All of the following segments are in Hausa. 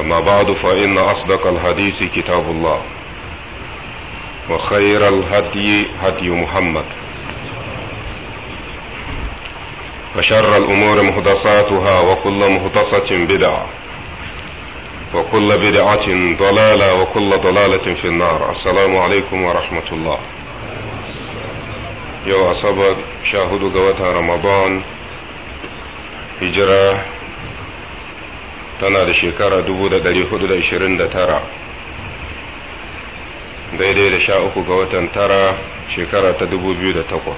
أما بعد فإن أصدق الحديث كتاب الله وخير الهدي هدي محمد وشر الأمور محدثاتها وكل محدثة بدعة وكل بدعة ضلالة وكل ضلالة في النار السلام عليكم ورحمة الله يا أصبر شاهدوا قوة رمضان هجرة tana da shekara 429 daidai da sha uku ga watan tara shekara ta 2008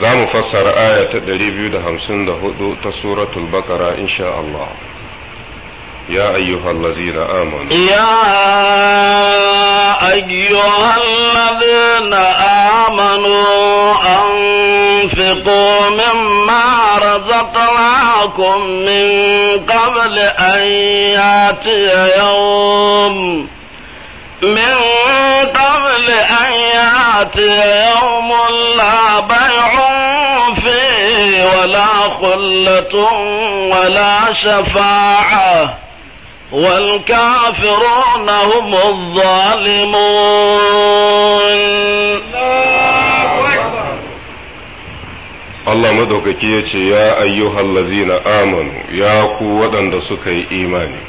za mu fassara aya ta hudu ta suratul bakara insha Allah يا أيها الذين آمنوا يا أيها الذين آمنوا أنفقوا مما رزقناكم من قبل أن يأتي يوم من قبل أن يأتي يوم لا بيع فيه ولا خلة ولا شفاعة والكافرون هم الظالمون Allah madaukaki ya ce, Ya ayyuhal lazina amanu, ya ku waɗanda suka yi imani.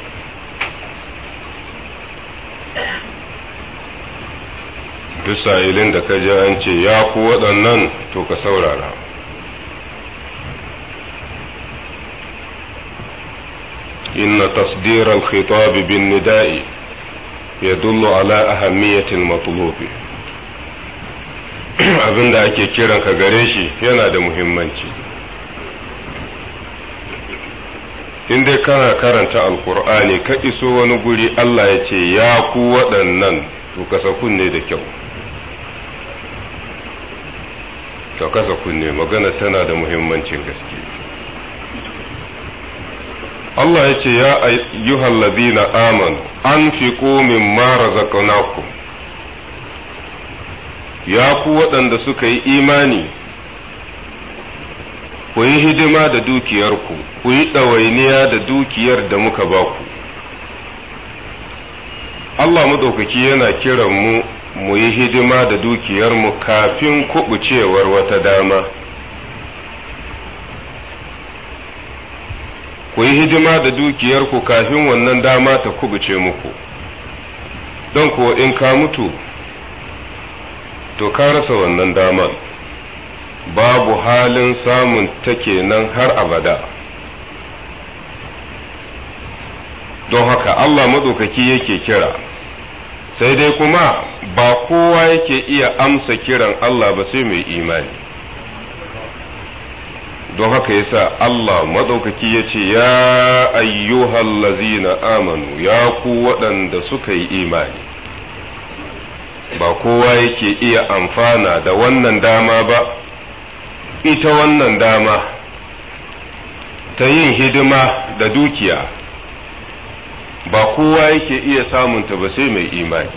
Duk sa'ilin da ka ji an ce, Ya ku waɗannan to ka saurara. إن تصدير الخطاب بالنداء يدل على أهمية المطلوب abin da ake kiran gare shi yana da muhimmanci in dai kana karanta alkur'ani ka iso wani guri Allah ya ce ya ku waɗannan to kasa kunne da kyau ka kasa kunne magana tana da muhimmancin gaske Allah ya ce ya ayyuhal an fi min mara zakonaku ya ku waɗanda suka yi imani ku yi hidima da dukiyarku ku yi ɗawainiya da dukiyar da muka ba ku Allah maɗaukaki yana kiran mu mu yi hidima da dukiyarmu kafin kuɓucewar wata dama ku yi hidima da dukiyarku kafin wannan dama ta kubuce muku don kuwa in ka mutu to ka rasa wannan daman babu halin samun ta kenan har abada don haka Allah maɗaukaki yake kira sai dai kuma ba kowa yake iya amsa kiran Allah ba sai mai imani don haka yasa Allah madaukaki ya ce ya ayyuhal lazina amanu ya ku waɗanda suka yi imani ba kowa yake iya amfana da wannan dama ba ita wannan dama ta yin hidima da dukiya ba kowa yake iya samunta ba sai mai imani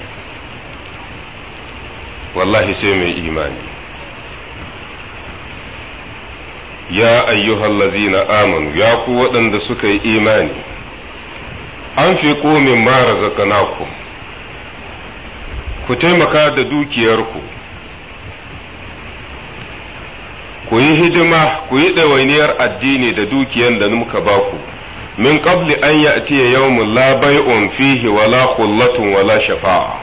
wallahi sai mai imani ya ayyuhallazina amanu ya ku waɗanda suka yi imani an fi min mara zakanaku ku taimaka da dukiyarku ku yi hidima ku yi ɗawainiyar addini da dukiyar da muka baku min qabli an ya'tiya yawmun la bay'un fihi wala kullatun wala shafa'a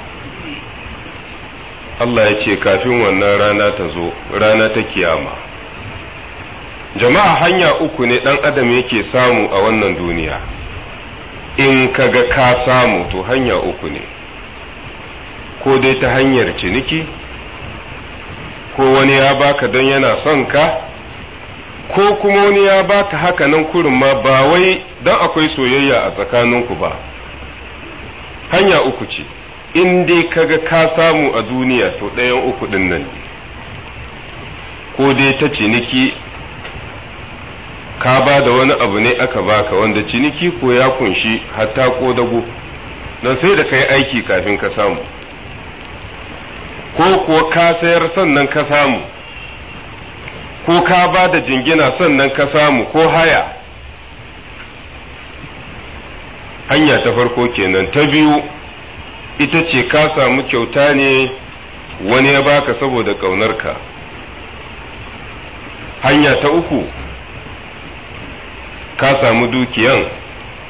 Allah ya kafin wannan rana ta zo rana ta kiyama jama'a hanya uku ne ɗan adam yake samu a wannan duniya in ka ga ka samu to hanya uku ne ko dai ta hanyar ciniki ko wani ya baka don yana son ka ko kuma wani ya baka haka nan kurin ma ba wai don akwai soyayya a tsakaninku ba hanya uku ce in dai kaga ka samu a duniya to ɗayan uku ɗin nan ko dai ta ciniki ka ba da wani abu ne aka baka wanda ciniki ko ya kunshi hatta ko dago don sai da ka yi aiki kafin ka samu ko kuwa ka sayar sannan ka samu ko ka ba da jingina sannan ka samu ko haya hanya ta farko kenan ta biyu ita ce ka samu kyauta ne wani ya baka saboda ƙaunarka hanya ta uku ka samu dukiyan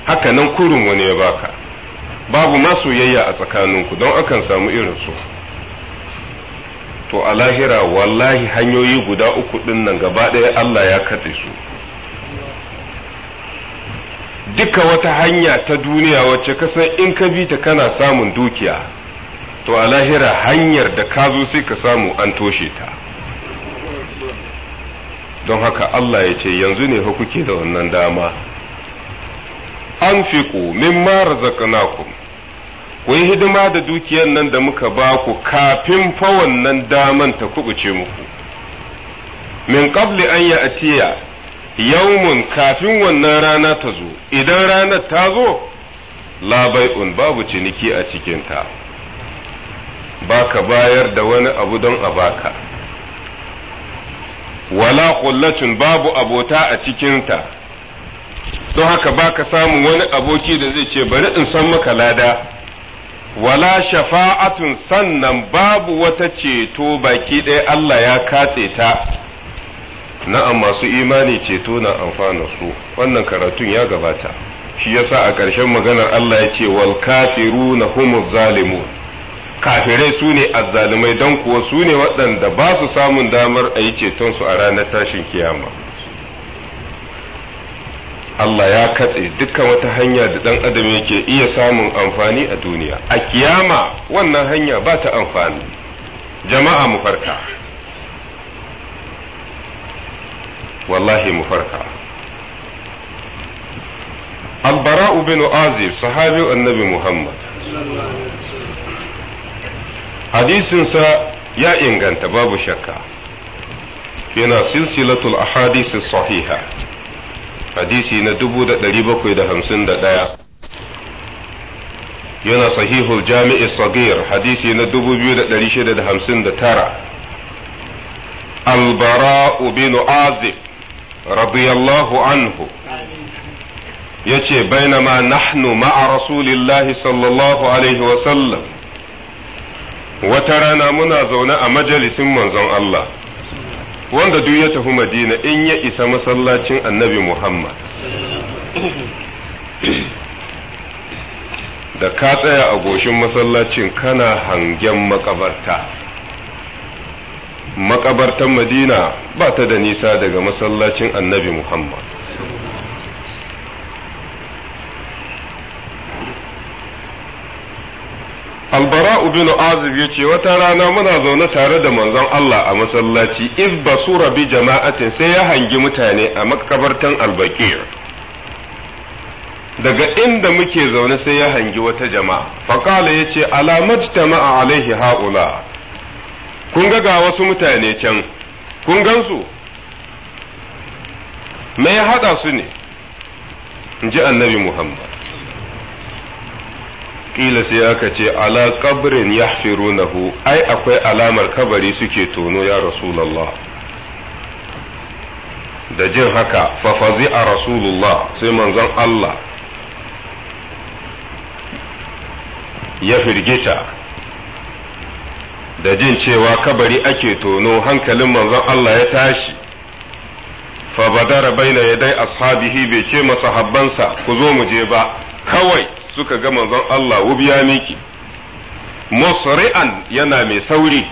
haka nan kurin wani ya baka babu ma soyayya a tsakaninku don akan samu irin su to a lahira wallahi hanyoyi guda uku din nan gaba ɗaya Allah ya katse su duka wata hanya ta duniya wacce ka san in ka bi ta kana samun dukiya to a lahira hanyar da ka zo sai ka samu an toshe ta don haka Allah ya ce yanzu ne fa kuke da wannan dama an min mara razaqnakum ku yi hidima da dukiyar nan da muka ba ku kafin fa wannan daman ta kubuce muku min qabli an ya atiya yaumun kafin wannan rana ta zo idan ranar ta zo la bai'un babu ciniki a cikinta ba ka bayar da wani abu don a baka wala kullatun babu abota a cikinta don haka baka samun wani aboki da zai ce bari in san maka lada wala shafa'atun sannan babu wata ceto baki ɗaya Allah ya katse ta na'am masu imani ceto na amfana su wannan karatun ya gabata shi yasa a ƙarshen maganar Allah ya ce wal kafiruna humuz zalimun kafirai su ne azzalumai don kuwa su ne waɗanda ba su samun damar a yi cetonsu a ranar tashin kiyama Allah ya katse dukkan wata hanya da ɗan adam yake iya samun amfani a duniya a kiyama wannan hanya ba ta amfani jama'a mu farka wallahi mu farka Albara'u bin عازب sahabi annabi Muhammad. hadisinsa ya inganta babu shakka yana silsilatul ahadisi sahiha hadisi na 751 yana sahihul jami'i sagir hadisi na tara albara ubinu azib radiyallahu anhu yace bainama nahnu ma'a rasulillahi sallallahu alaihi wa sallam wata rana muna zaune a majalisin manzon Allah wanda duk ya tafi Madina in ya isa masallacin Annabi Muhammad da ka tsaya a goshin masallacin kana hangen makabarta makabartan Madina ba ta da nisa daga masallacin Annabi Muhammad albara'u bin azib ya ce wata rana muna zaune tare da manzon Allah a masallaci iz basura bi jama'atin sai ya hangi mutane a makabartar albaqir daga inda muke zaune sai ya hangi wata jama'a faqala yace ala majtama'a alaihi haula kun ga ga wasu mutane can kun gansu me ya haɗa su ne Nji annabi Muhammad kila sai aka ce ala kabrin yahfirunahu ai akwai alamar kabari suke tono ya rasulullah da jin haka fafazi a rasulullah sai manzon Allah ya firgita da jin cewa kabari ake tono hankalin manzon Allah ya tashi fa fabadara baina yadai ashabihi bai ce masahabbansa ku zo mu je ba kawai suka ga manzon Allah wubiya miki musri'an yana mai sauri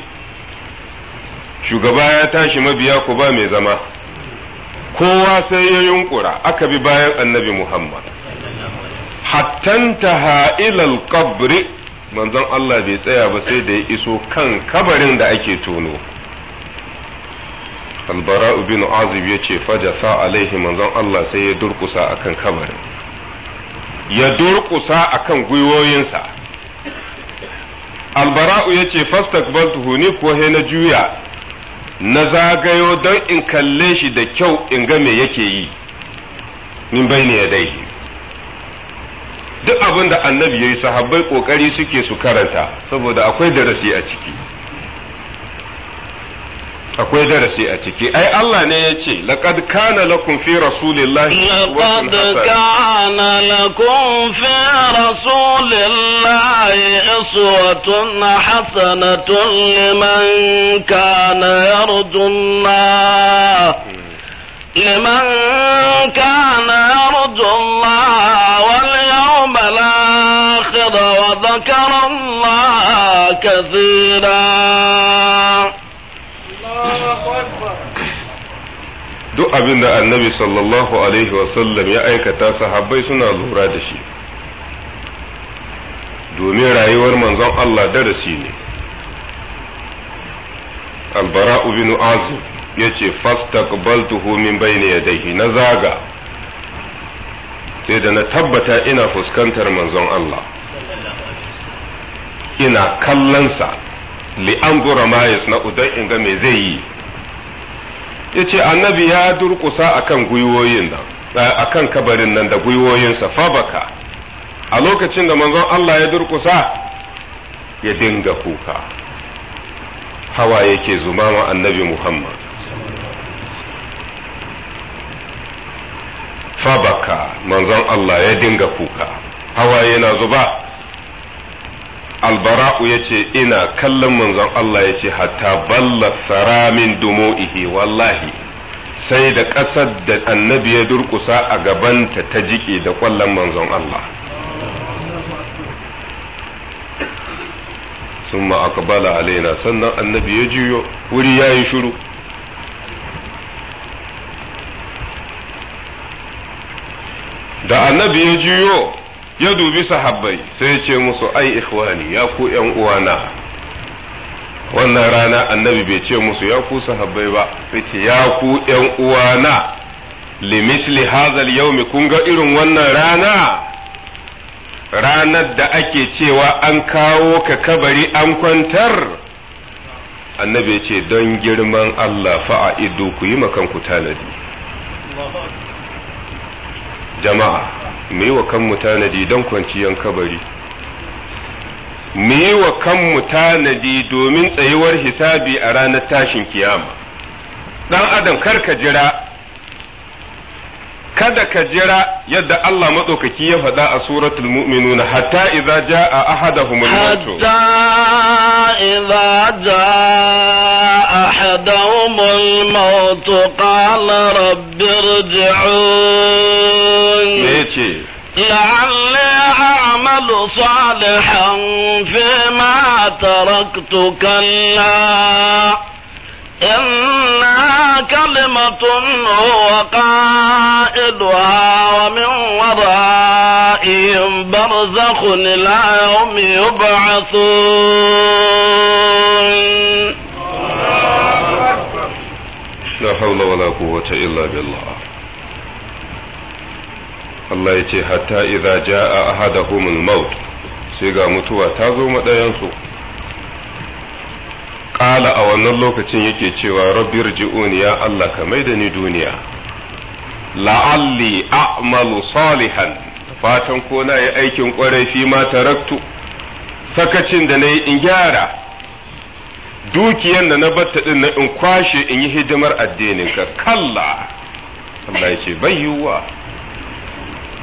shugaba ya tashi mabiya ku ba mai zama kowa sai ya yunkura aka bi bayan annabi Muhammad hattantaha ilal qabri manzon Allah bai tsaya ba sai da ya iso kan kabarin da ake tono albara bin azib ya ce alaihi manzon Allah sai ya durkusa akan kabarin ya durƙusa a kan gwiwoyinsa albara'u ya ce fastakbaltuhu ni ko he na juya na zagayo don in kalle shi da kyau in ga me yake yi min bai ne ya dai duk abin annabi ya yi sahabbai ƙoƙari suke su karanta saboda akwai darasi a ciki akwai darasi a ciki ai Allah ne ya ce laqad kana lakum fi rasulillahi laqad kana lakum fi rasulillahi uswatun hasanatun liman kana yarjullah لمن كان يرجو الله واليوم الآخر وذكر الله كثيرا duk abin da annabi sallallahu alaihi wasallam ya aikata sahabbai suna lura da shi domin rayuwar manzon Allah darasi ne albara'u bin azib ya ce fastaqbaltuhu min bayni yadayhi na zaga sai da na tabbata ina fuskantar manzon Allah ina kallonsa li'an ma yasna'u don in ga me zai yi yace annabi ya durƙusa akan gwiwoyin nan eh, akan kabarin nan da gwiwoyinsa fabaka a lokacin da manzon Allah ya durƙusa ya dinga kuka hawa yake ma annabi Muhammad fabaka manzon Allah ya dinga kuka hawa yana zuba albara'u ya ce ina kallon manzon Allah ya ce hatta balla saramin dumoihi wallahi sai da ƙasar da annabi ya durƙusa a gabanta ta jiƙe da ƙwallon manzon Allah sun akbala alaina sannan annabi ya juyo wuri ya yi shuru da annabi ya juyo ya dubi sahabbai sai ya ce musu ai ikhwani ya ku yan uwana wannan rana annabi bai ce musu ya ku sahabbai ba sai ce ya ku yan uwana limisli hazal yaumi kun ga irin wannan rana ranar da ake cewa an kawo ka kabari an kwantar annabi ya ce don girman Allah a ido ku yi makanku tanadi jama'a mu yi wa kanmu tanadi don kwanciyan kabari mu yi wa kanmu tanadi domin tsayuwar hisabi a ranar tashin kiyama ɗan adam ka jira kada ka jira yadda Allah maɗaukaki ya faɗa a suratul mu'minun hatta idza jaa ahaduhumul maut hatta idza jaa ahaduhumul maut qala rabbi irji'un me ce لعلي أعمل صالحا فيما تركت كلا إنها كلمة هو قائدها ومن ورائهم برزخ إلى يوم يبعثون لا حول ولا قوة إلا بالله الله يتي حتى إذا جاء أحدهم الموت سيقى متوى تازو مدينسو ƙala a wannan lokacin yake cewa rabbi rji'uni ya Allah ka mai da ni duniya la'alli a'malu salihan fatan ko na yi aikin kwarai fi ma taraktu sakacin da na yi in gyara dukiyan da na batta din na in kwashe in yi hidimar addinin ka kalla Allah ya ce bai yiwuwa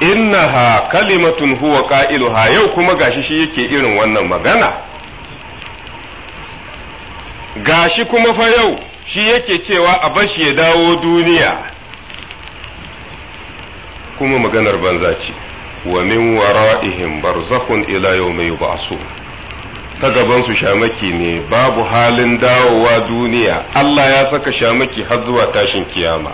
innaha kalimatun huwa qa'iluha yau kuma gashi shi yake irin wannan magana gashi kuma fa yau shi yake cewa a bashi ya dawo duniya kuma maganar banza ce wa min wara'ihim barzakhun ila yawmi yub'asu ta gaban su shamaki ne babu halin dawowa duniya Allah ya saka shamaki har zuwa tashin kiyama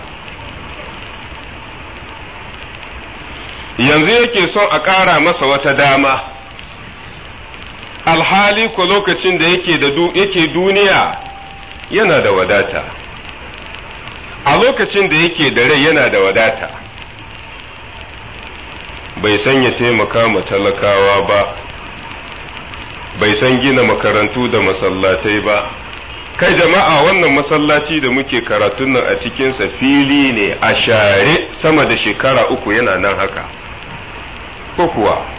yanzu yake son a ƙara masa wata dama alhali ko lokacin da yake da duniya yana da wadata a lokacin da yake da rai yana da wadata bai san ya taimaka ma talakawa ba bai san gina makarantu da masallatai ba kai jama'a wannan masallaci da muke karatun nan a cikinsa fili ne a share sama da shekara uku yana nan haka ko kuwa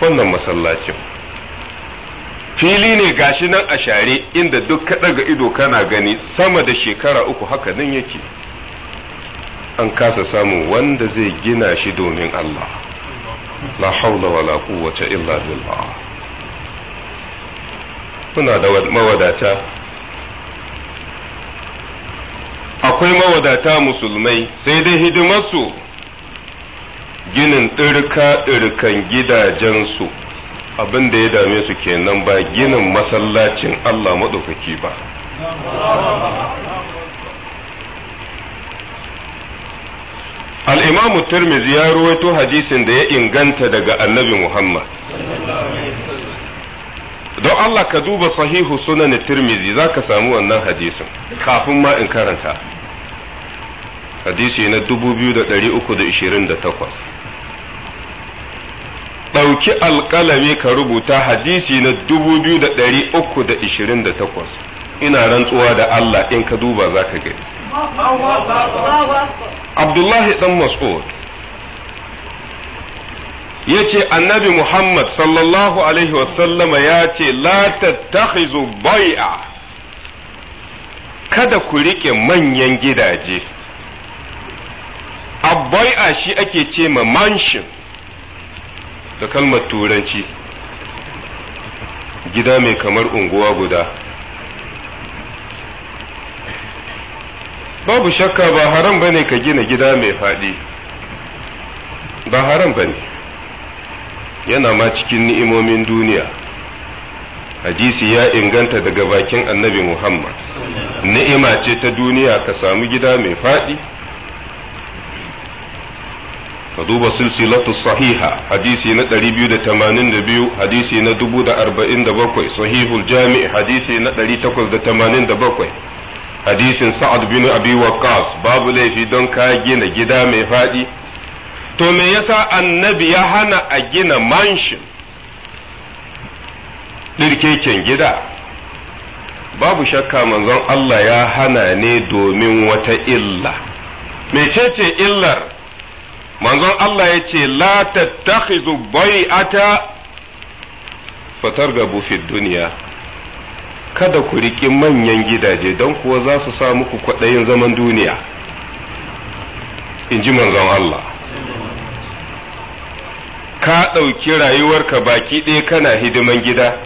wannan masallacin fili ne gashi nan a share inda duk ka ɗaga ido kana gani sama da shekara uku haka nan yake an kasa samun wanda zai gina shi domin Allah la haula wala quwwata illa billah muna da mawadata akwai mawadata musulmai sai dai hidimarsu ginin ɗirka-ɗirkan gidajensu abin da ya dame su kenan ba ginin masallacin Allah maɗaukaki ba. al'imamu turmiz ya ruwaito hadisin da ya inganta daga annabi Muhammad. Don Allah ka duba sahihu sunan turmizi za ka samu wannan hadisin kafin ma in karanta. Hadisi na 2328. ɗauki alƙalami ka rubuta hadisi na 2328 ina rantsuwa da Allah in ka duba za ka gani. Abdullahi ɗan Mas'ud ya ce annabi Muhammad sallallahu Alaihi wasallama ya ce la tattakhizu bai'a kada ku riƙe manyan gidaje. Abbai'a shi ake ce ma manshin. da kalmar turanci gida mai kamar unguwa guda babu shakka ba haram ba ka gina gida mai faɗi ba haram ba yana ma cikin ni'imomin duniya hadisi ya inganta daga bakin annabi muhammad ni'ima ce ta duniya ka samu gida mai faɗi ka duba silsilatu sahiha hadisi na 282 hadisi na 1047 sahihul jami' hadisi na 887 hadisin sa'ad bin abi waqqas babu laifi don ka gina gida mai faɗi to me yasa annabi ya hana a gina manshin. ɗirkeken gida babu shakka manzon Allah ya hana ne domin wata illa mecece illar manzon Allah ya ce la tattakhizu bai'ata fatargabu fi duniya kada ku riƙi manyan gidaje don kuwa za su sa muku kwaɗayin zaman duniya in ji manzon Allah ka ɗauki rayuwarka baki ɗaya kana hidiman gida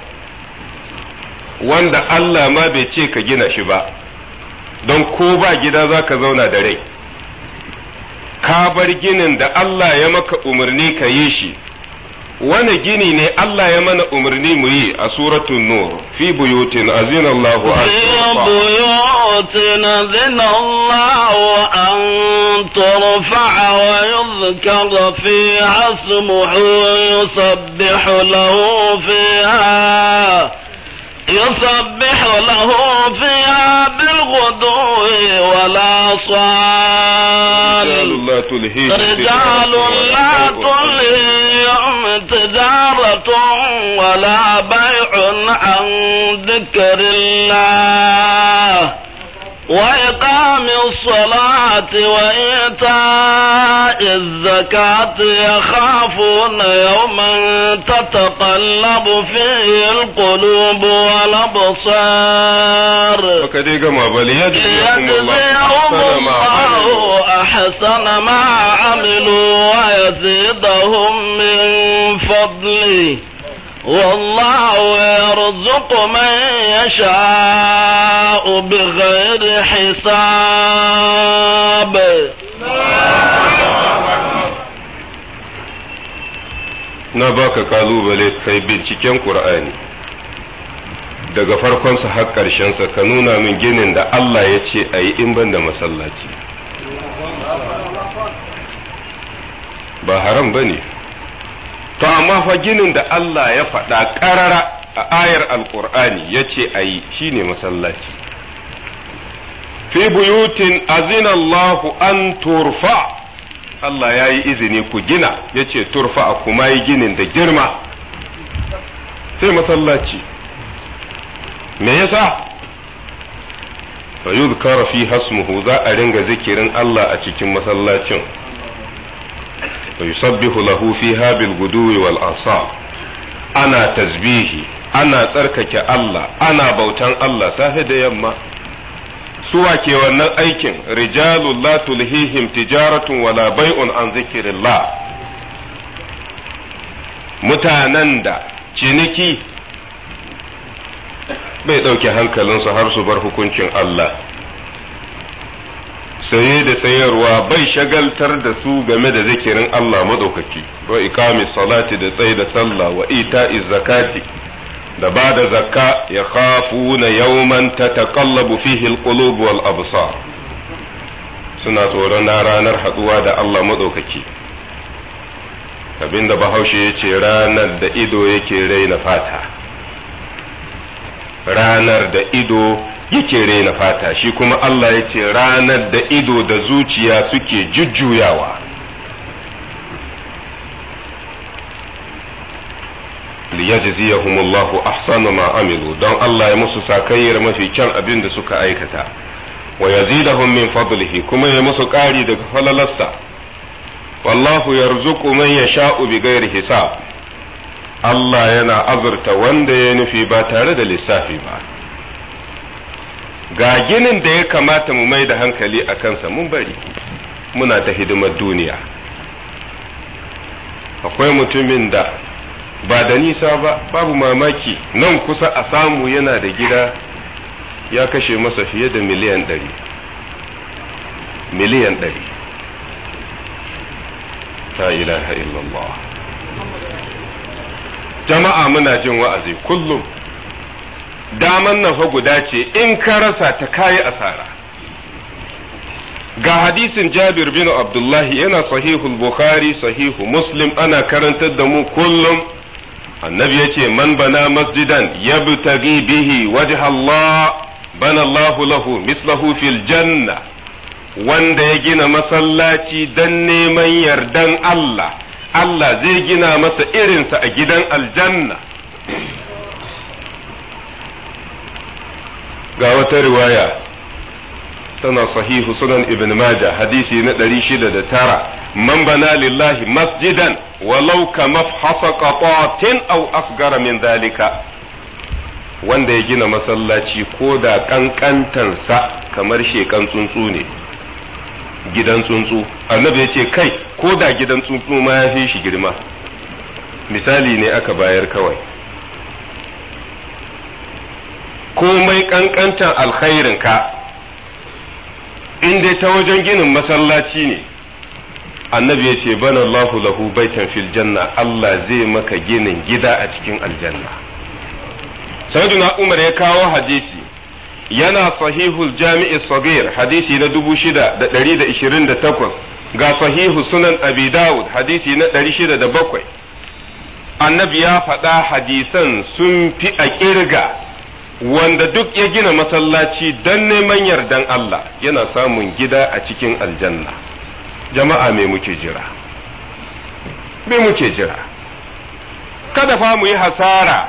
wanda Allah ma bai ce ka gina shi ba don ko ba gida za ka zauna da rai ka bar ginin da Allah ya maka umarni ka yi shi wani gini ne Allah ya mana umarni mu yi a suratun nur fi buyutin azina Allahu an buyutin Allahu an wa yusabbihu lahu fiha له فيها بالغدو ولا صار تلهيهم رجال لا تلهيهم تجارة ولا بيع عن ذكر الله وإقام الصلاة وإيتاء الزكاة يخافون يوما تتقلب فيه القلوب والأبصار ليجزيهم الله أحسن ما عملوا ويزيدهم من فضله والله يرزق من يشاء بغير حساب na baka kalubale kai binciken ƙur'ani daga farkonsa har ƙarshensa ka nuna min ginin da Allah ya ce a yi in ban da masallaci ba haram ba ne to amma fa ginin da Allah ya faɗa ƙarara a ayar alƙur'ani ya ce a yi shi masallaci fi buyutin azinallahu an turfa Allah ya yi izini ku gina ya ce turfa a kuma yi ginin da girma sai masallaci me yasa fa yuzkara fi hasmuhu za a ringa zikirin Allah a cikin masallacin wa yusabbihu lahu fiha bil guduwi wal asal ana tasbihi ana tsarkake Allah ana bautan Allah safe da yamma suwa ke wannan aikin rijalul tulhihim tijaratun wala bai'un an zikirillah mutanen da ciniki bai ɗauke hankalinsu har su bar hukuncin Allah saye da sayarwa bai shagaltar da su game da zikirin Allah madaukaki wa iqami salati da tsaye da sallah wa ita'i zakati da ba da zakka ya khafuna yawman tataqallabu fihi alqulub wal absar suna tsoron na ranar haduwa da Allah madaukaki abinda bahaushe ya ce ranar da ido yake raina fata ranar da ido yake rena fata shi kuma Allah ya ce ranar da ido da zuciya suke jujjuyawa liyajziyahum Allahu ahsana ma amilu don Allah ya musu sakayyar mafi kyan abin da suka aikata wa yazidahum min fadlihi kuma ya musu ƙari daga falalarsa wallahu yarzuqu man yasha'u bighairi hisab Allah yana azurta wanda ya nufi ba tare da lissafi ba ga ginin da ya kamata mu mai da hankali a kansa mun bari muna ta hidimar duniya akwai mutumin da ba da nisa ba babu mamaki nan kusa a samu yana da gida ya kashe masa fiye da miliyan ɗari miliyan ɗari ta ilaha illallah jama'a muna jin wa'azi kullum daman nan fa guda ce in ka rasa ta kayi asara ga hadisin jabir bin abdullahi yana sahihul bukhari sahihu muslim ana karantar da mu kullum annabi ya ce man bana masjidan yabtaghi bihi wajha Allah bana Allah lahu mislahu fil janna wanda ya gina masallaci dan neman yardan Allah Allah zai gina masa irinsa a gidan aljanna ga wata riwaya tana sahihu sunan ibn maja hadisi na ɗari 609 man bana lillahi masjidan walau ka mafhasa qatatin aw asgara min dalika wanda ya gina masallaci ko da kankantansa kamar shekan tsuntsu ne gidan tsuntsu annabi ya ce kai ko da gidan tsuntsu ma ya fi shi girma misali ne aka bayar kawai komai kankantan alkhairinka in dai ta wajen ginin masallaci ne annabi ya ce bana Allahu lahu baitan fil janna Allah zai maka ginin gida a cikin aljanna sayyiduna Umar ya kawo hadisi yana sahihul jami'i sagir hadisi na 6,128 ga sahihu sunan abi dawud hadisi na 607 annabi ya faɗa hadisan sun fi a ƙirga wanda duk ya gina masallaci don neman yardan Allah yana samun gida a cikin aljanna jama'a me muke jira me muke jira kada fa mu yi hasara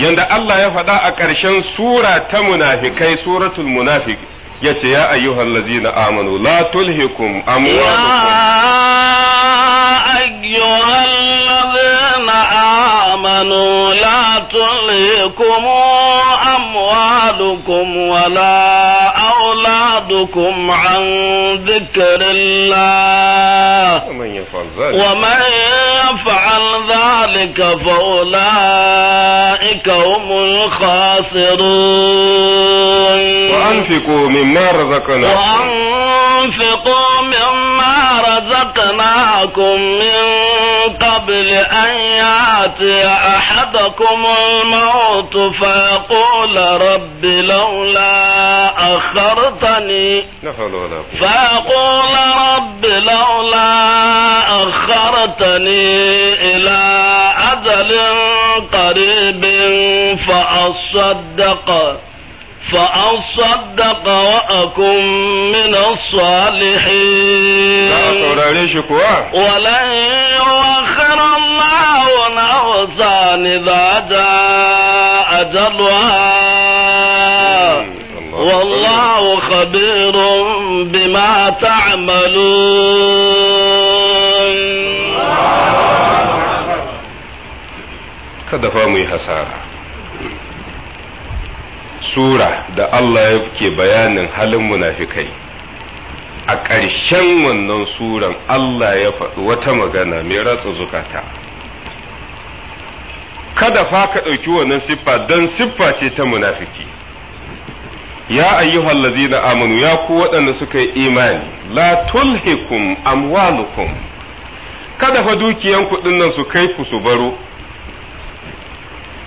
yanda Allah ya faɗa a ƙarshen sura ta munafikai suratul munafiki yace ya ayyuhan lazina amanu la tulhikum amwalukum لا تلهكم أموالكم ولا أولادكم عن ذكر الله ومن يفعل ذلك, ومن فعل ذلك فأولئك هم الخاسرون وأنفقوا مما رزقناكم وأنفقوا من خلقناكم من قبل أن يأتي أحدكم الموت فيقول رب لولا أخرتني فيقول رب لولا أخرتني إلى أجل قريب فأصدق فأصدق وأكم من الصالحين ولن يؤخر الله نفسا إذا جاء أجلها إيه، والله خبير بما تعملون كدفا fa mu sura da Allah yake bayanin halin munafikai a ƙarshen wannan suran Allah ya faɗi wata magana mai ratsa zukata kada fa ka ɗauki wannan siffa don siffa ce ta munafiki ya ayyuhal ladzina amanu ya ku waɗanda suka yi imani la tulhikum amwalukum kada fa dukiyan kuɗin nan su kai ku su baro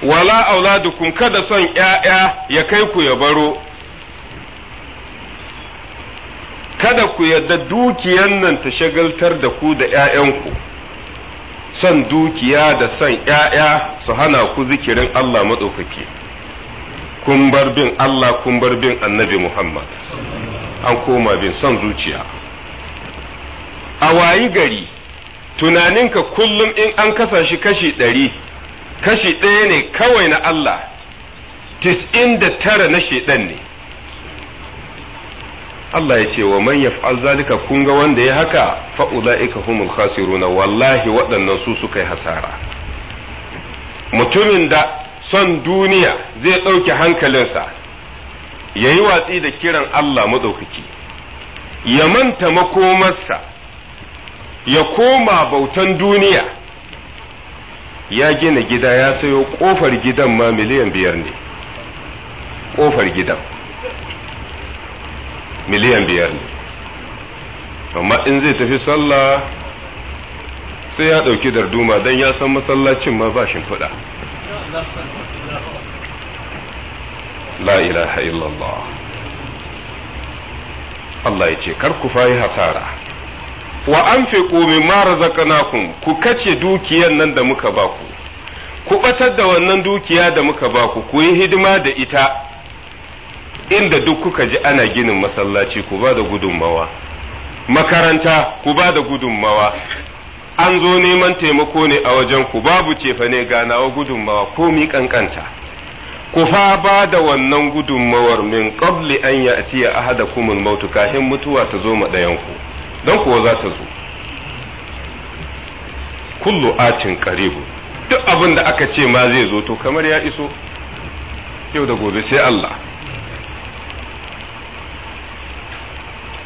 wala auladukum kada son ‘ya'ya ya kai ku ya baro, kada ku yadda dukiyan nan ta shagaltar da ku da ‘ya'yanku, son dukiya da son ‘ya'ya su hana ku zikirin Allah maɗaukaki, kun bar bin Allah kun bar bin annabi Muhammad, an koma bin son zuciya. A wayi gari, tunaninka kullum in an kasa shi kashi ɗari. kashi ɗaya ne kawai na Allah tis'in da tara na shaidan ne Allah ya ce wa man yaf'al zalika kun ga wanda ya haka fa ulaika humul khasiruna wallahi waɗannan su suka yi hasara mutumin da son duniya zai ɗauke hankalinsa ya yi watsi da kiran Allah maɗaukaki ya manta makomarsa ya koma bautan duniya ya gina gida ya sayo kofar gidan ma miliyan biyar ne kofar gidan miliyan biyar ne amma in zai tafi sallah sai ya ɗauki darduma don ya san masallacin ma ba shimfiɗa la ilaha illallah Allah ya ce kar ku fayi hasara wa anfiqu mara razaqnakum ku kace dukiyan nan da muka baku ku batar da wannan dukiya da muka baku ku yi hidima da ita inda duk kuka ji ana ginin masallaci ku ba da gudunmawa makaranta ku ba da gudunmawa an zo neman taimako ne a wajen ku babu cefane ganawa gudunmawa ko mi kankanta ku fa ba da wannan gudunmawar min qabli an ya'tiya ahadakumul mautu kahin mutuwa ta zo ma ɗayan ku don kuwa za ta zo kullu atin karibu duk abin da aka ce ma zai zo to kamar ya iso yau da gobe sai Allah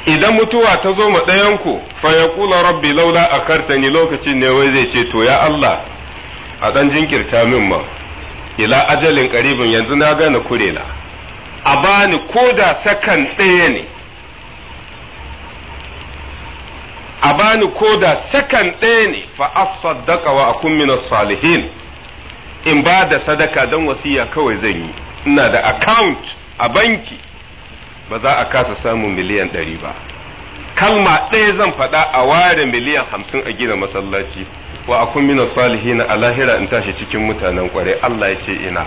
idan mutuwa ta zo ma ɗayanku fa ya kula rabbi laula a karta ni lokacin ne wai zai ce to ya Allah a ɗan jinkirta min ma ila ajalin ƙaribin yanzu na gane kurela a bani ko da sakan ɗaya ne a bani ko da sakan ɗaya ne fa asaddaka wa akun min salihin in ba da sadaka don wasiya kawai zan yi ina da account a banki ba za a kasa samun miliyan ɗari ba kalma ɗaya zan faɗa a ware miliyan hamsin a gina masallaci wa akun min salihin a lahira in tashi cikin mutanen kwarai Allah ya ce ina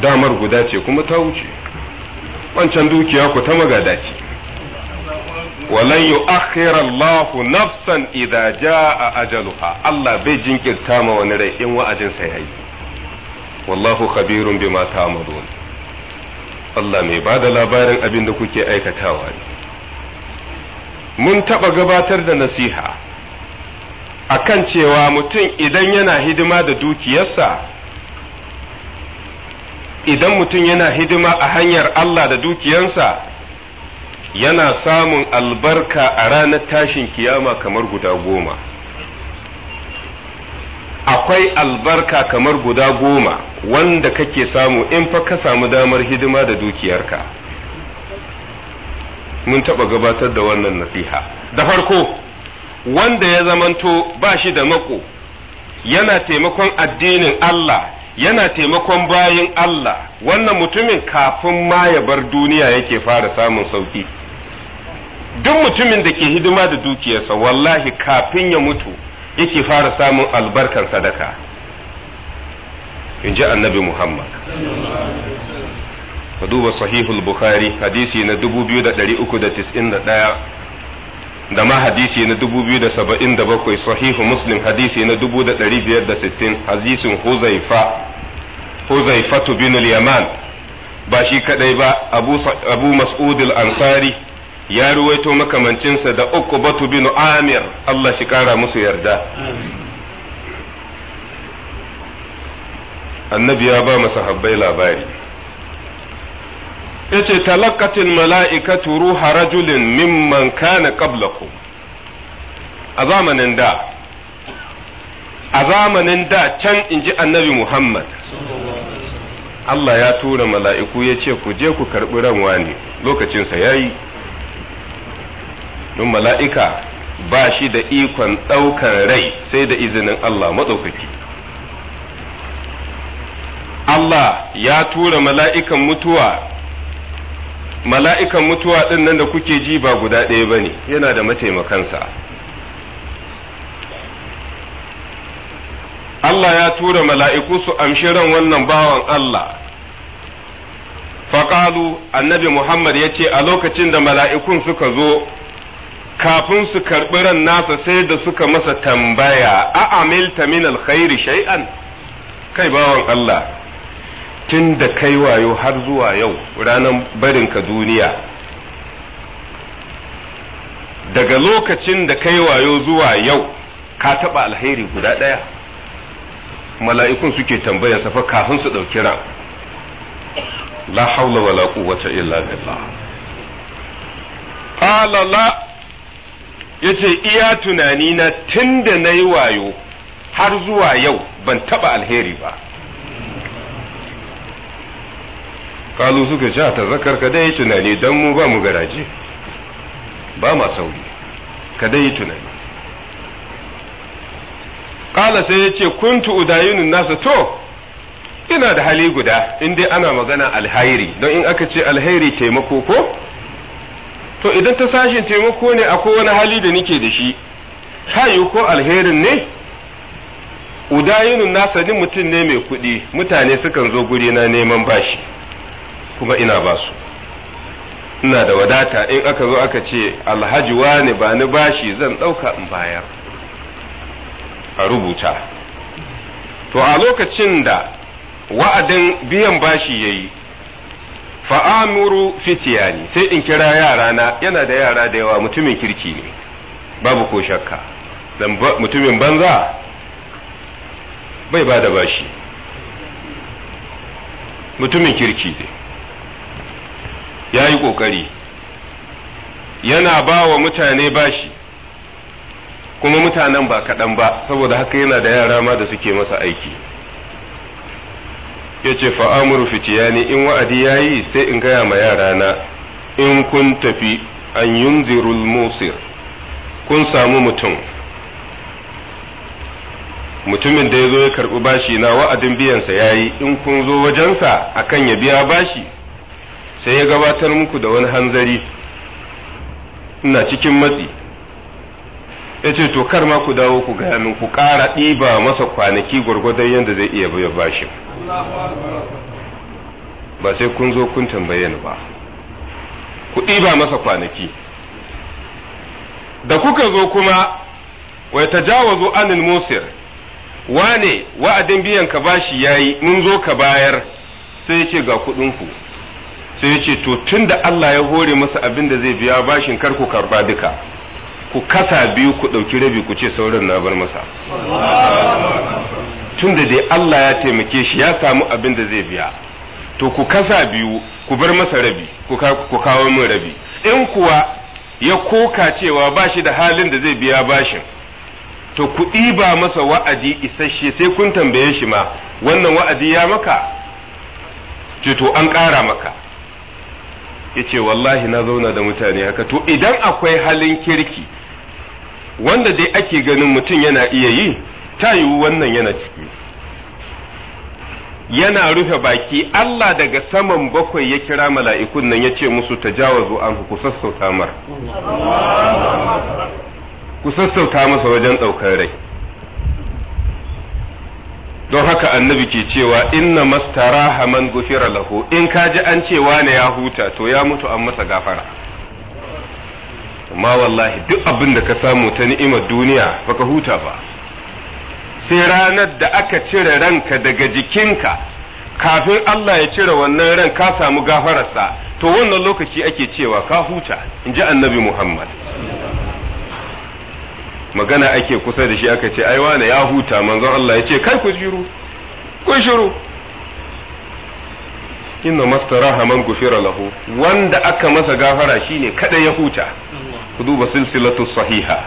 damar guda ce kuma ta wuce wancan dukiya ku ta Magadaci. walan yu'akhkhir Allahu nafsan idza jaa a Allah bai jinkirta ma wani rai in wa'adin sa yayi wallahu khabirun bima ta'malun Allah mai bada labarin abin da kuke aikatawa ne mun taba gabatar da nasiha akan cewa mutum idan yana hidima da dukiyarsa idan mutum yana hidima a hanyar Allah da dukiyarsa yana samun albarka a ranar tashin kiyama kamar guda goma akwai albarka kamar guda goma wanda kake samu in fa ka samu damar hidima da dukiyarka mun taɓa gabatar da wannan nasiha da farko wanda ya zamanto ba shi da mako yana taimakon addinin Allah yana taimakon bayin Allah wannan mutumin kafin ma ya bar duniya yake fara samun sauki duk mutumin da ke hidima da dukiyarsa wallahi kafin ya mutu yake fara samun albarkar sadaka in ji annabi muhammad ka duba sahihul bukhari hadisi na 2391 da ma hadisi na 2077 sahihu muslim hadisi na 1560 hadisin huzaifa huzaifatu bin yaman ba shi kadai ba abu mas'ud al-ansari ya ruwaito makamancinsa da uku batu bin Amir Allah shi kara musu yarda annabi ya ba habbai labari yace talaqatil mala'ikatu ruha rajulin mimman kana qablakum a zamanin da a zamanin da can inji annabi Muhammad Allah ya tura mala'iku ya ce ku je ku karɓi ran wani lokacinsa ya yi don mala'ika ba shi da ikon ɗaukar rai sai da izinin Allah matsaukaki. Allah ya tura mala'ikan mutuwa, mala'ikan mutuwa ɗin nan da kuke ji ba guda ɗaya ba ne, yana da mataimakansa. Allah ya tura mala'iku su amshi ran wannan bawan Allah. Faƙalu, annabi Muhammad ya ce a lokacin da mala'ikun suka zo kafin su karɓi ran nasa sai da suka masa tambaya a amilta min alkhairi shay'an kai bawan Allah tun da kai wayo har zuwa yau ranar ka duniya daga lokacin da kai wayo zuwa yau ka taɓa alheri guda ɗaya mala'ikun suke tambaya safa kafin su ɗauki ran la haula wala quwwata illa billah qala la ya ce iya tunani na tun da na yi wayo har zuwa yau ban taɓa alheri ba kalu suka sha ah, ta zakar ka dai tunani don mu ba mu garaje ba ma sauri ka dai tunani kala sai ya ce kuntu udayunin nasa to ina da hali guda in dai ana magana alheri don in aka ce alheri taimako ko to idan ta sashin taimako ne akwai wani hali da nike da shi kayu ko alherin ne udayinun nasa ni mutum ne mai kuɗi mutane sukan zo guri na neman bashi kuma ina basu ina da wadata in aka zo aka ce alhaji ne ba ni bashi zan ɗauka in bayar a rubuta to a lokacin da wa'adin biyan bashi ya yi fa'amuru fitiyani sai in kira yara na yana da yara da yawa mutumin kirki ne babu ko shakka dan mutumin banza bai ba da bashi mutumin kirki ne ya yi ƙoƙari yana ba wa mutane bashi kuma mutanen ba kaɗan ba saboda haka yana da yara ma da suke masa aiki Yace ce fa'amuru fitiyani in wa'adi ya yi sai in gaya ma yara na in kun tafi an yunzirul musir kun samu mutum mutumin da ya zo ya karɓi bashi na wa'adin biyansa ya yi in kun zo wajen sa akan ya biya bashi sai ya gabatar muku da wani hanzari ina cikin matsi yace to kar ma ku dawo ku gaya min ku ƙara ɗiba masa kwanaki gwargwadon yadda zai iya biya bashin ba sai kun zo kun tambaye ni ba ku ɗiba masa kwanaki da kuka zo kuma wai tajawazu anil musir wane wa'adin biyan ka bashi yayi mun zo ka bayar sai ya ce ga ku sai ya ce to tunda Allah ya hore masa abin da zai biya bashin kar ku karba duka ku kasa biyu ku ɗauki rabi ku ce sauran na bar masa tun da dai Allah ya taimake shi ya samu abin da zai biya to ku kasa biyu ku bar masa rabi ku kawo min rabi in kuwa ya koka cewa ba shi da halin da zai biya bashin to ku ɗiba masa wa'adi isasshe sai kun tambaye shi ma wannan wa'adi ya maka ce to an ƙara maka ya ce wallahi na zauna da mutane haka to idan akwai halin kirki wanda dai ake ganin mutum yana iya yi ta yiwu wannan yana ciki yana rufe baki Allah daga saman bakwai ya kira mala'ikun nan ya ce musu tajawazu an ku sassauta mar ku sassauta masa wajen ɗaukar rai don haka annabi ke cewa inna mastaraha man gufira lahu in ka ji an cewa ne ya huta to ya mutu an masa gafara amma wallahi duk abin da ka samu ta ni'imar duniya baka huta ba sai ranar da aka cire ranka daga jikinka kafin Allah ya cire wannan ran ka samu gafararsa to wannan lokaci ake cewa ka huta in ji annabi Muhammad magana ake kusa da shi aka ce ai wane ya huta manzon Allah ya ce kai ku shiru ku shiru inna mastaraha man gufira lahu wanda aka masa gafara shine kada ya huta ku duba silsilatu sahiha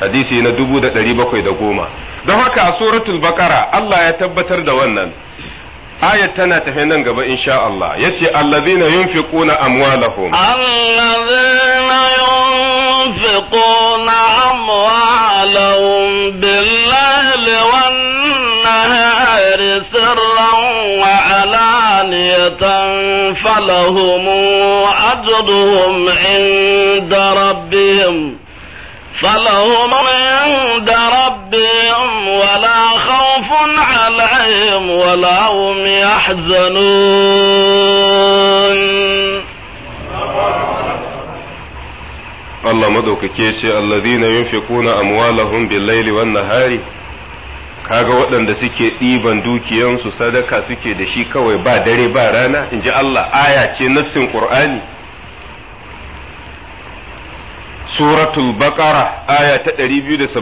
hadisi na 1710 don haka a suratul baqara Allah ya tabbatar da wannan ayat tana tafe nan gaba insha Allah yace allazina yunfiquna amwalahum allazina yunfiquna amwalahum billahi wan nahari sirran wa alaniyatan falahum ajruhum inda rabbihim فلهم عند ربهم ولا خوف عليهم ولا هم يحزنون Allah madaukake ce allazina yunfiquna amwalahum bil-laili wan-nahari kaga waɗanda suke ɗiban dukiyansu sadaka suke da shi kawai ba dare ba rana inji Allah aya ce nassin Qur'ani suratul baqara aya ta 274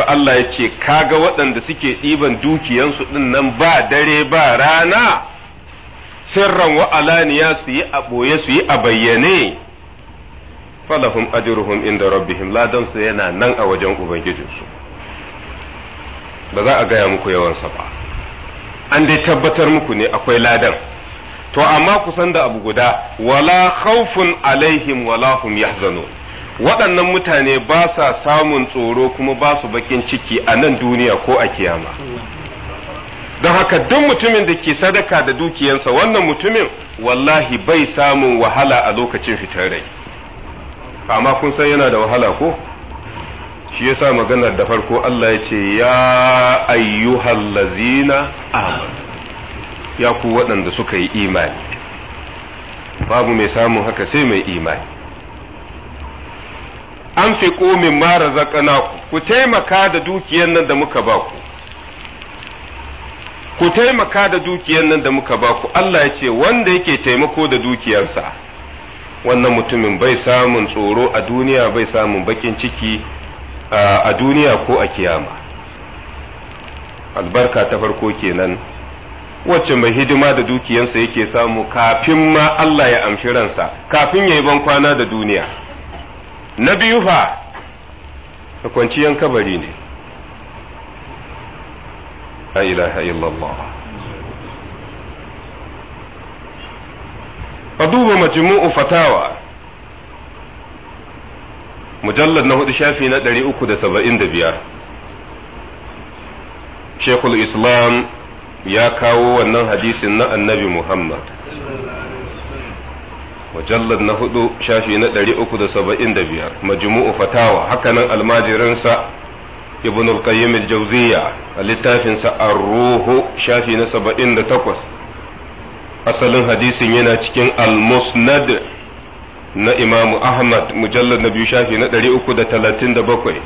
Allah ya ce kaga waɗanda suke ɗiban dukiyansu ɗin nan ba dare ba rana sirran wa alaniya su yi a ɓoye su yi a bayyane falahum ajruhum inda rabbihim ladan su yana nan a wajen ubangijinsu ba za a gaya muku yawansa ba an dai tabbatar muku ne akwai ladan to amma kusan da abu guda wala khawfun alaihim wala hum yahzanun waɗannan mutane ba sa samun tsoro kuma ba su bakin ciki a nan duniya ko a kiyama don haka duk mutumin da ke sadaka da dukiyansa wannan mutumin wallahi bai samun wahala a lokacin fitar rai amma kun san yana da wahala ko shi yasa maganar da farko Allah ya ce ya ayyuhal lazina ya ku waɗanda suka yi imani babu mai samun haka sai mai imani an fi komin mara zakana ku taimaka da dukiyar nan da muka ba ku ku taimaka da dukiyar nan da muka ba ku Allah ya ce wanda yake taimako da dukiyarsa wannan mutumin bai samun tsoro a duniya bai samun bakin ciki a duniya ko a kiyama albarka ta farko kenan wacce mai hidima da dukiyarsa yake samu kafin ma Allah ya amshi ransa kafin ya yi ban kwana da duniya na biyu fa kwanciyan kabari ne la ilaha illallah fa duba majmu'u fatawa mujallar na hudu shafi na da da biyar. shekul islam ya kawo wannan hadisin na annabi muhammad mujallad na hudu shafi na ɗari uku da saba'in da biyar majmu'u fatawa hakanan almajirinsa ibn al-qayyim al-jawziya a littafinsa ar-ruhu shafi na saba'in da takwas asalin hadisin yana cikin al-musnad na imamu ahmad mujallad na biyu shafi na ɗari uku da talatin da bakwai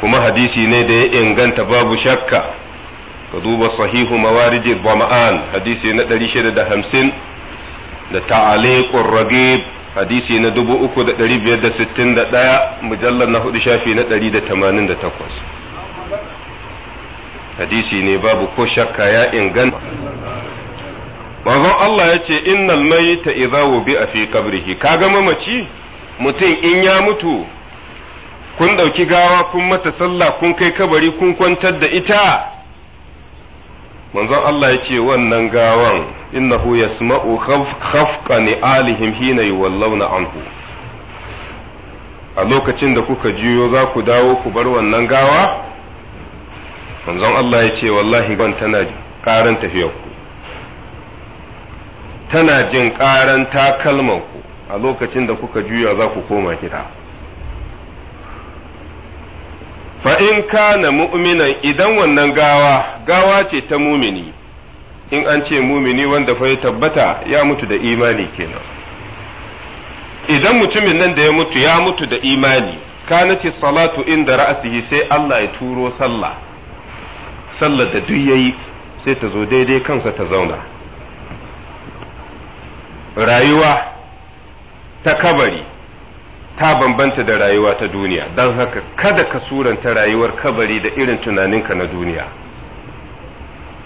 kuma hadisi ne da ya inganta babu shakka ka duba sahihu mawaridi zama'an hadisi na ɗari shida da hamsin da ta'aliqur ragib hadisi na 3561 mujallar na hudu shafi na 188 hadisi ne babu ko shakka ya inganta manzon Allah ya ce innal mayta idza wubi'a fi qabrihi kaga mamaci mutum in ya mutu kun ɗauki gawa kun mata sallah kun kai kabari kun kwantar da ita manzon Allah ya ce wannan gawan innahu yasma'u khafqa ni'alihim hina yuwallawna anhu a lokacin da kuka jiyo za ku dawo ku bar wannan gawa manzon Allah ya ce wallahi ban tana karan ku. tana jin karan takalmanku a lokacin da kuka juya za ku koma gida fa in kana mu'minan idan wannan gawa gawa ce ta mumini in an ce mumini wanda fa ya tabbata ya mutu da imani kenan idan mutumin nan da ya mutu ya mutu da imani ce salatu inda ra'asihi sai Allah ya turo sallah sallah da duk yayi sai ta zo daidai kansa ta zauna rayuwa ta kabari ta bambanta da rayuwa ta duniya don haka kada ka suranta rayuwar kabari da irin tunaninka na duniya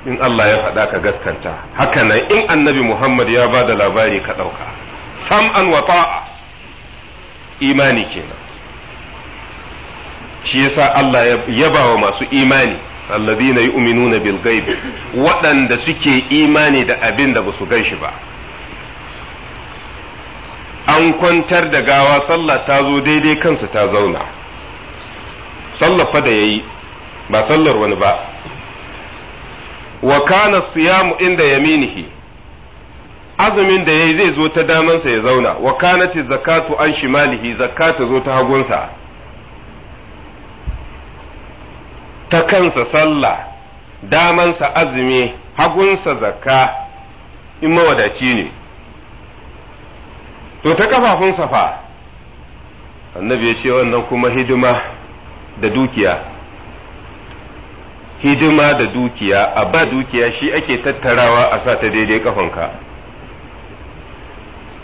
in Allah ya faɗa ka gaskanta haka nan in annabi Muhammad ya ba da labari ka ɗauka sam an wata imani kenan shi yasa Allah ya bawa masu imani alladhina yu'minuna bil ghaib waɗanda suke imani da abin da basu gan shi ba an kwantar da gawa sallah ta zo daidai kansa ta zauna sallah fa da yayi ba sallar wani ba wa kana siyamu inda yaminihi azumin da yayi zai zo ta damansa ya zauna wa kanati zakatu an shimalihi zakatu zo ta hagunsa ta kansa sallah damansa azumi hagunsa zakka in mawadaci ne to ta kafafun fa annabi ya ce wannan kuma hidima da dukiya hidima da dukiya a ba dukiya shi ake tattarawa a sa ta daidai kafanka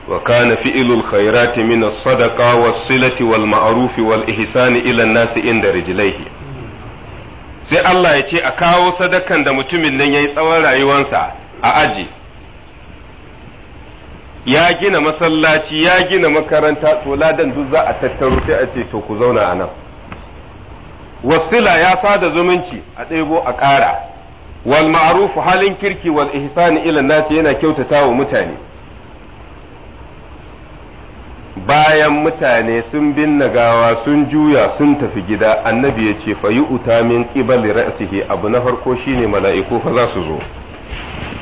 wa kana fi'ilul khairati min as-sadaqa was-silati wal-ma'ruf wal-ihsani ila an-nasi inda rijlaihi sai Allah ya ce a kawo sadakan da mutumin nan yayi tsawon rayuwarsa a aji ya gina masallaci ya gina makaranta to ladan duk za a tattaro sai a ce to ku zauna anan. wasila ya sada zumunci a ɗebo a ƙara wal ma'rufu halin kirki wal ihsani ila nasi yana kyautata wa mutane bayan mutane sun binne gawa sun juya sun tafi gida annabi ya ce fa uta min qibali ra'sihi abu na farko shine mala'iku fa za su zo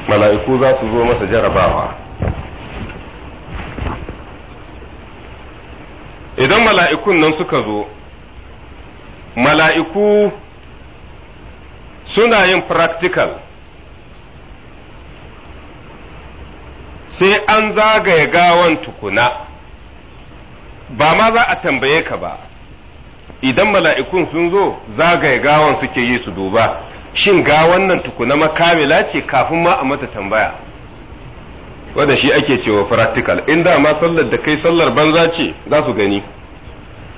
mala'iku za su zo masa jarabawa idan mala'ikun nan suka zo mala'iku suna yin practical sai an zagaye gawan tukuna ba ma za a tambaye ka ba idan mala'ikun sun zo zagaye gawan suke yi su duba shin gawan nan tukuna makamila ce kafin ma a mata tambaya wanda shi ake cewa practical in da ma sallar da kai sallar banza ce za su gani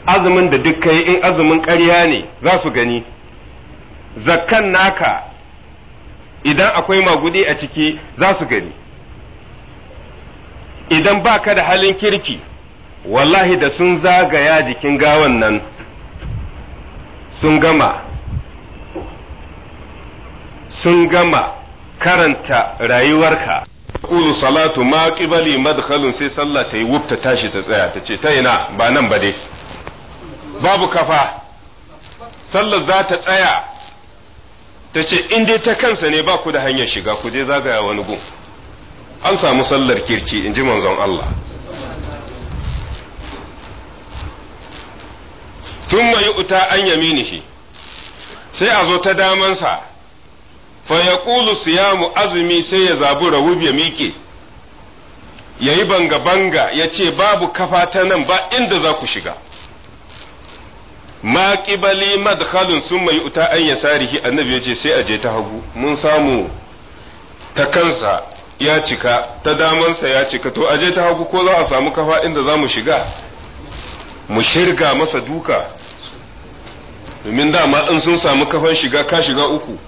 azumin da duk kai in azumin ƙarya ne za su gani zakkan naka idan akwai magudi a ciki za su gani idan baka da halin kirki wallahi da sun zagaya jikin gawan nan sun gama sun gama karanta rayuwarka Kulu salatu ma ƙibali madkhalun sai sallah ta yi wufta tashi ta tsaya ta ce ta ina ba nan ba dai babu kafa sallar za ta tsaya ta ce in dai ta kansa ne ba ku da hanyar shiga ku je zagaya wani gun an samu sallar kirki in ji manzon Allah tun mai uta an shi. sai a zo ta damansa fa ya siyamu azumi sai ya zabi rawub ya miƙe ya yi banga-banga ya ce babu kafa ta nan ba inda za ku shiga ma qibali madkhalun summa yu'ta an yasarihi annabi yace sai a je ta hagu mun samu ta kansa ya cika ta damansa ya cika to aje ta hagu ko za a samu kafa inda za mu shiga mu shirga masa duka domin dama in sun samu kafan shiga ka shiga uku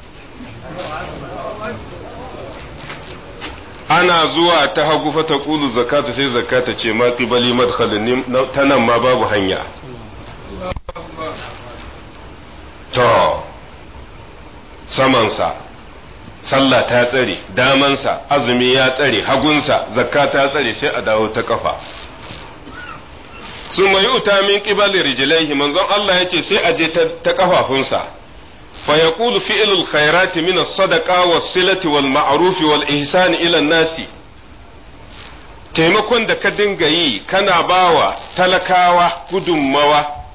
ana zuwa ta hagu fa ta zakata sai zakata ce ma ƙibali madkhalin ta nan ma babu hanya to samansa sallah ta tsare damansa azumi ya tsare hagunsa zakka ta tsare sai a dawo ta kafa sun mai uta min kibali manzon Allah yace sai a je ta kafafunsa fa yaqulu fi'lul khairati min as-sadaqa was-silati wal-ma'ruf wal-ihsan ila an-nasi taimakon da ka dinga yi kana bawa talakawa gudunmawa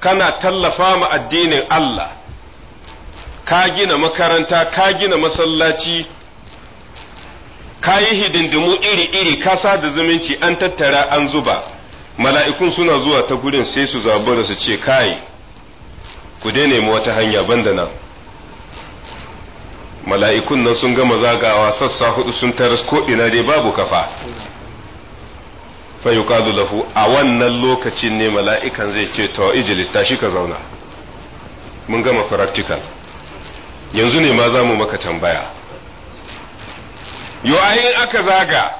kana tallafa ma addinin Allah ka gina makaranta ka gina masallaci ka yi hidindimu iri-iri ka da zumunci an tattara an zuba mala'ikun suna zuwa ta gurin sai su da su ce kai ku dai nemi wata hanya banda nan mala'ikun nan sun gama zagawa sassa hudu sun taras ko ina dai babu kafa fa lahu a wannan lokacin ne mala'ikan zai ce to ijilis tashi ka zauna mun gama practical yanzu ne ma za mu maka tambaya yawayin aka zaga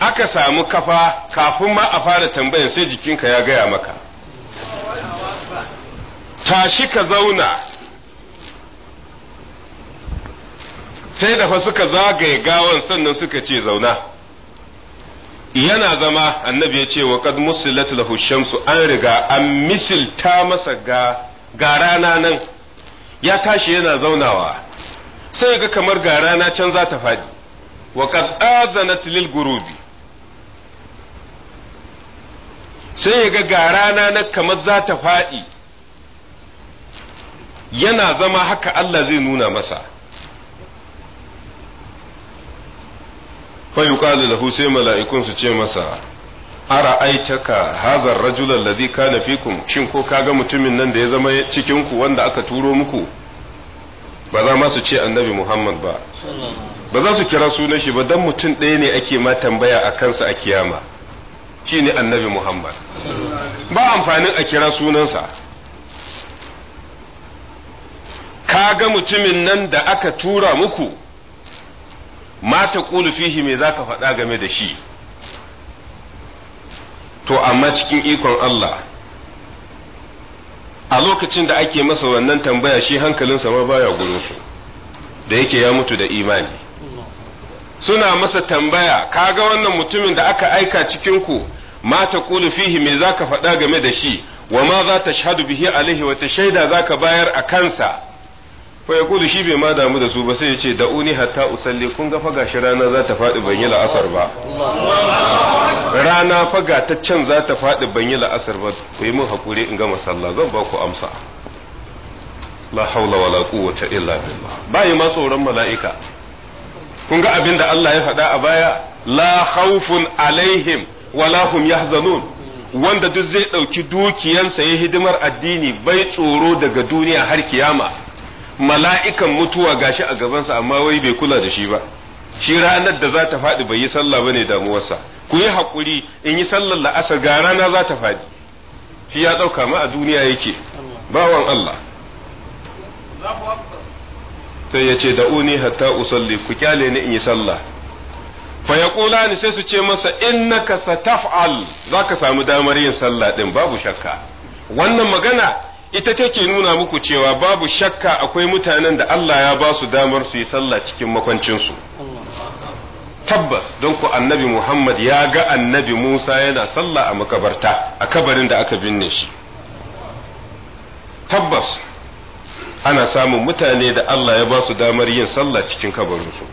aka samu kafa kafin ma a fara tambayan sai jikinka ya gaya maka tashi ka zauna sai da fa suka zagaye gawan sannan suka ce zauna yana zama annabi ya ce wa kad musilat lahu shamsu an riga an misilta masa ga ga rana nan ya tashi yana zaunawa sai ga kamar ga rana can za ta fadi wa kad azanat lil gurubi sai ga ga rana nan kamar za ta fadi yana zama haka Allah zai nuna masa fa yuqalu lahu sai mala'ikun su ce masa ara'aitaka hadha ar-rajula allazi kana fikum shin ko kaga mutumin nan da ya zama cikin ku wanda aka turo muku ba za ma su ce annabi Muhammad ba ba za su kira sunan shi ba dan mutum ɗaya ne ake ma tambaya a kansa a kiyama shine annabi Muhammad ba amfanin a kira sunansa kaga mutumin nan da aka tura muku ma kulu fihi me zaka faɗa game da shi to amma cikin ikon Allah a lokacin da ake masa wannan tambaya shi hankalinsa ma baya gurin su da yake ya mutu da imani suna masa tambaya kaga wannan mutumin da aka aika cikin ku ma taqulu fihi me zaka faɗa game da shi wa ma za ta shahadu bihi alaihi wata shaida zaka bayar a kansa fa kudu shi bai ma damu da su ba sai ya ce da uni hatta usalli kun ga faga shi rana za ta faɗi ban yi la'asar ba rana faga ta can za ta faɗi ban yi la'asar ba ku yi min haƙuri in gama sallah zan ba ku amsa la haula la quwwata illa billah bai ma tsoron mala'ika kun ga abin da Allah ya faɗa a baya la khawfun alaihim la hum yahzanun wanda duk zai ɗauki dukiyansa ya hidimar addini bai tsoro daga duniya har kiyama mala'ikan mutuwa gashi a gabansa amma wai bai kula da shi ba shi ranar da za ta faɗi bai yi sallah ne damuwarsa ku yi hakuri in yi sallar la'asar ga rana za ta faɗi shi ya ɗauka ma a duniya yake bawan Allah sai ya ce uni hatta usalli ku kyale ni in yi sallah fa ya ni sai su ce masa innaka sataf'al za ka samu damar yin sallah din babu shakka wannan magana ita take nuna muku cewa babu shakka akwai mutanen da Allah ya ba su damar su yi sallah cikin makwancinsu tabbas don ku annabi Muhammad ya ga annabi Musa yana sallah a makabarta a kabarin da aka binne shi tabbas ana samun mutane da Allah ya ba su damar yin sallah cikin kabarinsu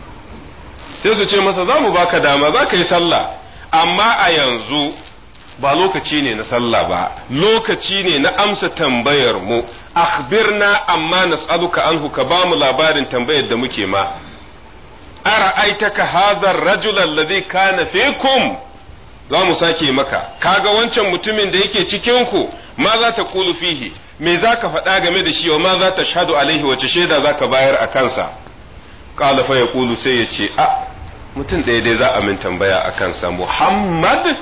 sai su ce masa za mu baka dama za ka yi sallah amma a yanzu ba lokaci ne na sallah ba lokaci ne na amsa tambayar mu akhbirna amma nas'aluka anhu ka bamu labarin tambayar da muke ma ara hadha ar-rajul alladhi kana fikum za mu sake maka kaga wancan mutumin da yake cikin ku ma za ta kulu fihi me za ka faɗa game da shi wa ma za ta shahadu alaihi wace shaida za ka bayar a kansa qala fa Kulu sai ya ce a mutum ɗaya dai za a min tambaya a kansa muhammad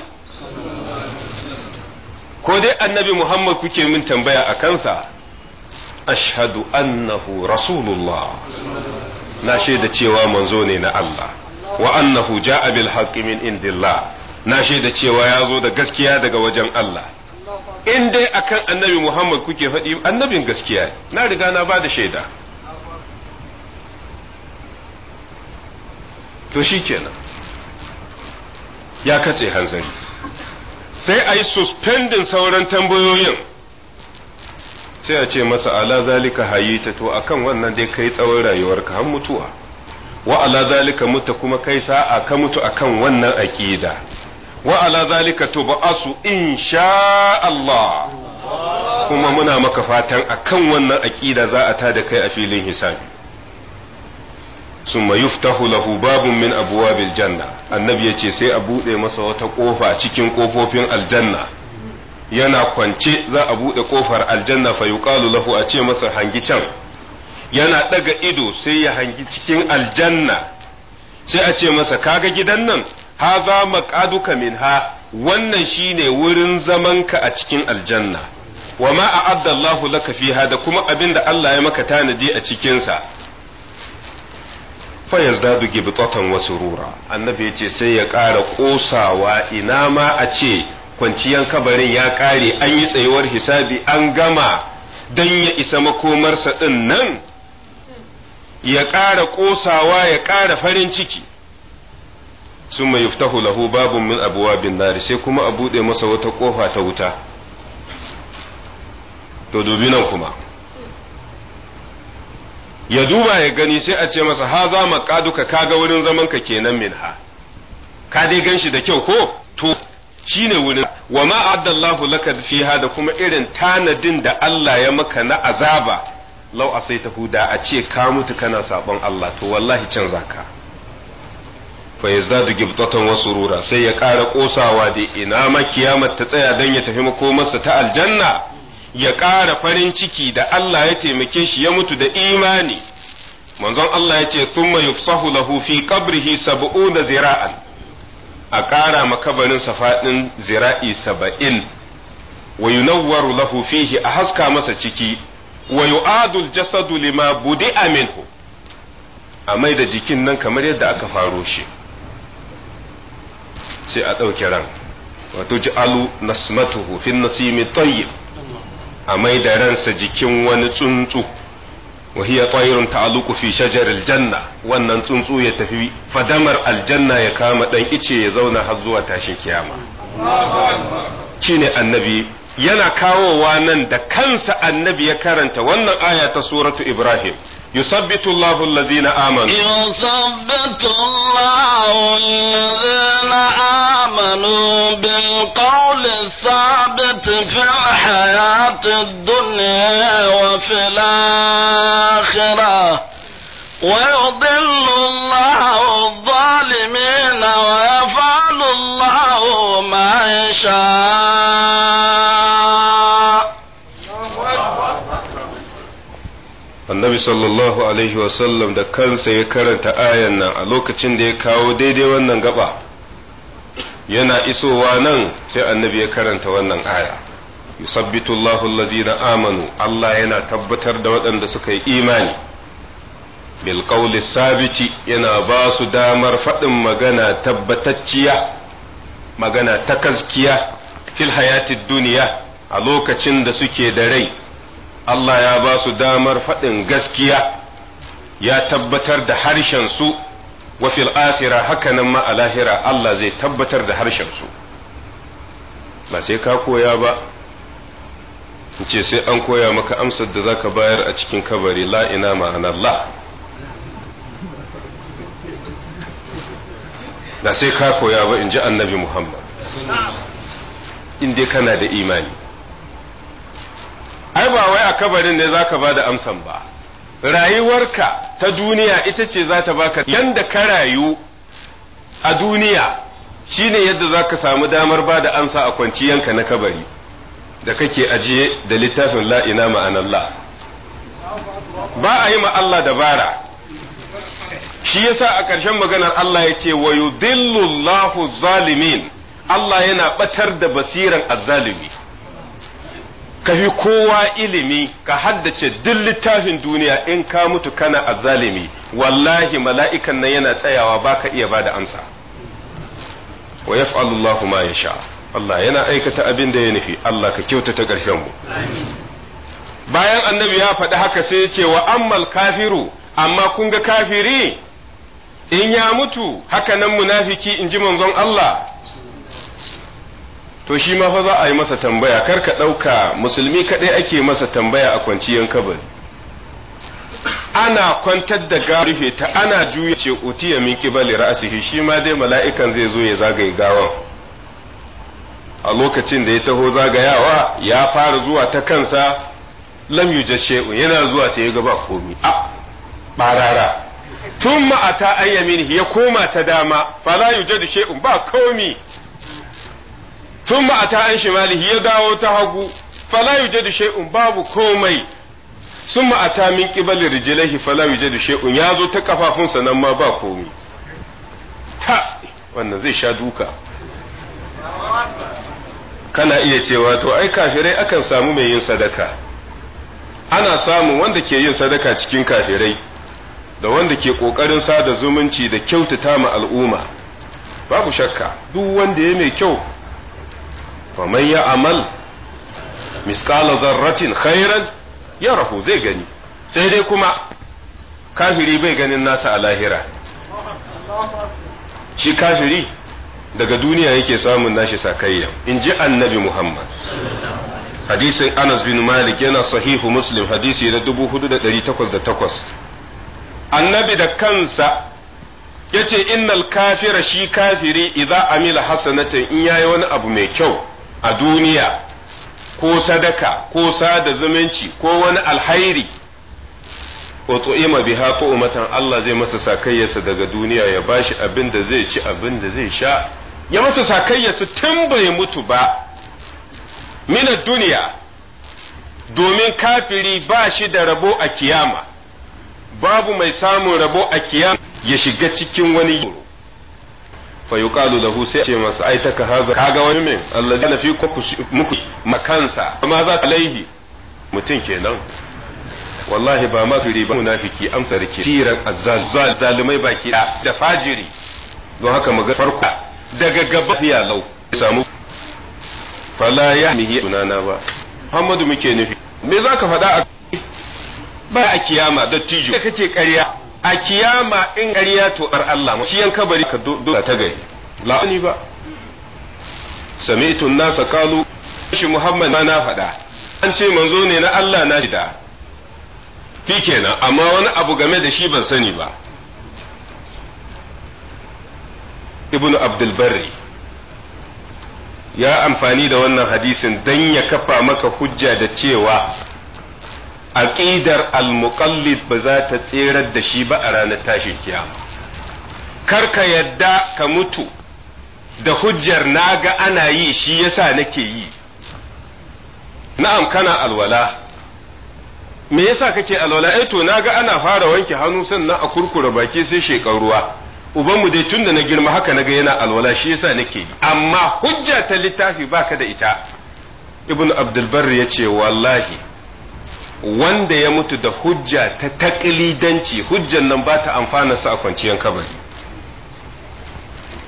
ko dai annabi Muhammad kuke min tambaya a kansa ashhadu annahu rasulullah na shaida cewa manzo ne na Allah wa annahu ja'a bil haqqi min indillah na shaida cewa ya zo da gaskiya daga wajen Allah in dai akan annabi Muhammad kuke faɗi annabin gaskiya na riga na ba da shaida to shi kenan ya katse hanzari sai a yi suspendin sauran tambayoyin sai a ce masa ala zalika hayita to kan wannan dai kai tsawon rayuwarka har mutuwa wa ala zalika muta kuma kai sa'a ka mutu a kan wannan aƙida wa ala zalika tub'asu insha Allah kuma muna maka fatan a kan wannan aƙida za a tada kai a filin hisabi summa yuftahu lahu babun min abwabil janna annabi yace sai a bude masa wata kofa cikin kofofin aljanna yana kwance za a bude kofar aljanna fa yuqalu lahu a ce masa hangi can yana daga ido sai ya hangi cikin aljanna sai a ce masa kaga gidan nan haza maqaduka minha wannan shine wurin zamanka a cikin aljanna wa ma a'adda Allahu laka fiha da kuma abinda Allah ya maka tanadi a cikinsa fa yazdadu gibtatan wa surura annabi yace sai ya ƙara kosawa ina ma a ce kwanciyan kabarin ya ƙare an yi tsayuwar hisabi an gama dan ya isa makomarsa din nan ya ƙara kosawa ya ƙara farin ciki sun mai hulahu lahu babun min abuwabin nari sai kuma a buɗe masa wata ƙofa ta wuta to dubi nan kuma ya duba ya gani sai a ce masa ha za ka kaga wurin zaman ka kenan minha ka dai ganshi da kyau ko to shine wurin wa ma addallahu laka fi da kuma irin tanadin da Allah ya maka na azaba lau asaitahu da a ce ka mutu kana sabon Allah to wallahi can zaka fa yazdadu gibtatan wa surura sai ya kara kosawa da ina ma kiyamar ta tsaya dan ya tafi makomarsa ta aljanna ya ƙara farin ciki da Allah ya taimake shi ya mutu da imani manzon Allah ya ce thumma yufsahu lahu fi qabrihi sab'una zira'an a ƙara makabarin safaɗin zira'i saba'in wa yunawwaru lahu fihi a haska masa ciki wa yu'adu al-jasadu lima budi'a minhu a mai da jikin nan kamar yadda aka faro shi sai a ɗauke ran wato ji'alu nasmatuhu fin nasimi tayyib a mai da ransa jikin wani tsuntsu wa hiya tayrun ta'alluqu fi shajar aljanna wannan tsuntsu ya tafi fadamar aljanna ya kama dan ice ya zauna har zuwa tashin kiyama shine annabi yana kawowa nan da kansa annabi ya karanta wannan aya ta suratu ibrahim يثبت الله الذين آمنوا يثبت الله الذين آمنوا بالقول الثابت في الحياة الدنيا وفي الآخرة ويضل الله الظالمين sallallahu alaihi wasallam da kansa ya karanta ayan nan a lokacin da ya kawo daidai wannan gaba yana isowa nan sai annabi ya karanta wannan aya yusabbitu Allahu allazina amanu Allah yana tabbatar da waɗanda suka yi imani bil qawli sabiti yana ba su damar faɗin magana tabbatacciya magana ta gaskiya fil hayatid duniya a lokacin da suke da rai Allah ya ba su damar faɗin gaskiya ya tabbatar da harshen su wa fil akhirah hakanan ma a lahira Allah zai tabbatar da harshen su ba sai ka koya ba ce sai an koya maka amsar da zaka bayar a cikin kabari la ina ma'anallah da sai ka koya ba in ji annabi Muhammad in dai kana da imani ai ba wai a kabarin ne zaka ba da amsan ba rayuwarka ta duniya ita ce za ta baka yanda ka rayu a duniya shine yadda zaka samu damar ba da amsa a kwanciyanka na kabari da kake ajiye da littafin la'ina ina ma'anallah ba a yi ma Allah dabara shi yasa a ƙarshen maganar Allah ya ce wa yudillu zalimin Allah yana batar da basiran azzalimi ka fi kowa ilimi ka haddace duk littafin duniya in ka mutu kana a zalimi wallahi mala'ikan nan yana tsayawa ba ka iya ba da amsa wa yaf'alu Allahu ma sha. Allah yana aikata abin da ya nufi Allah ka ta ƙarshen mu bayan annabi ya faɗi haka sai ya ce wa ammal kafiru amma kun ga kafiri in ya mutu haka nan munafiki in ji manzon Allah to shi ma fa za a yi masa tambaya kar ka ɗauka musulmi kaɗai ake masa tambaya a kwanciyar kabari ana kwantar da gawa rufe ta ana juya ce utiya min kibali ra'asihi shi ma dai mala'ikan zai zo ya zagaye gawan a lokacin da ya taho zagayawa ya fara zuwa ta kansa lam yujashe'u yana zuwa sai ya gaba komi a barara tun ma'ata ayyamin ya koma ta dama fala yujadu shay'un ba komi thumma ata an shimalihi ya dawo ta hagu fala yujadu shay'un babu komai summa ata min qibali rijlaihi fala yujadu shay'un ya zo ta kafafunsa nan ma ba komai ta wannan zai sha duka kana iya cewa to ai kafirai akan samu mai yin sadaka ana samun wanda ke yin sadaka cikin kafirai da wanda ke ƙoƙarin sada zumunci da kyautata ma al'umma babu shakka duk wanda ya mai kyau wa man ya amal miskala zarratin khairan ya rahu zai gani sai dai kuma kafiri bai ganin nasa a lahira shi kafiri daga duniya yake samun nashi sakayya in ji annabi muhammad hadisin anas bin malik yana sahihu muslim hadisi na 4808 annabi da kansa yace innal kafira shi kafiri idza amila hasanatin in yayi wani abu mai kyau a duniya ko sadaka ko sada zumunci ko wani alhairi ima biha umatan Allah zai masa sakayyarsa daga duniya ya bashi abin da zai ci abin da zai sha ya masa sakayyarsa tun bai mutu ba mina duniya domin kafiri ba shi da rabo a kiyama babu mai samun rabo a kiyama ya shiga cikin wani yoro fa yuqalu lahu sai ce masa ai taka haza kaga wani min allazi na fi muku makansa ma za alaihi mutum kenan wallahi ba mafiri ba munafiki amsa rike tiran azzal zalimai baki da fajiri don haka maga farko daga gaba ya lau samu fala ya mihi sunana ba Muhammadu muke nufi me zaka faɗa a ba a kiyama da tijo kake karya. a kiyama in ƙarya to ar Allah shi yan kabari ka dole ta gari la'ani ba sami'tu nasa kalu shi Muhammad ma na faɗa an ce manzo ne na Allah na jida kenan amma wani abu game da shi ban sani ba ibn abdul ya amfani da wannan hadisin don ya kafa maka hujja da cewa aqidar al-muqallid ba za ta tserar da shi ba a ranar tashin kiyama kar ka yadda ka mutu da hujjar naga ana yi shi yasa nake yi na'am kana alwala me yasa kake alwala eh to naga ana fara wanke hannu sannan a kurkura baki sai shekar ruwa ubanmu dai tunda na girma haka naga yana alwala shi yasa nake yi amma hujja ta littafi baka da ita ibnu abdul barri yace wallahi wanda ya mutu da hujja ta taƙilidanci hujjan nan ba ta amfana su a kwanciyar kabari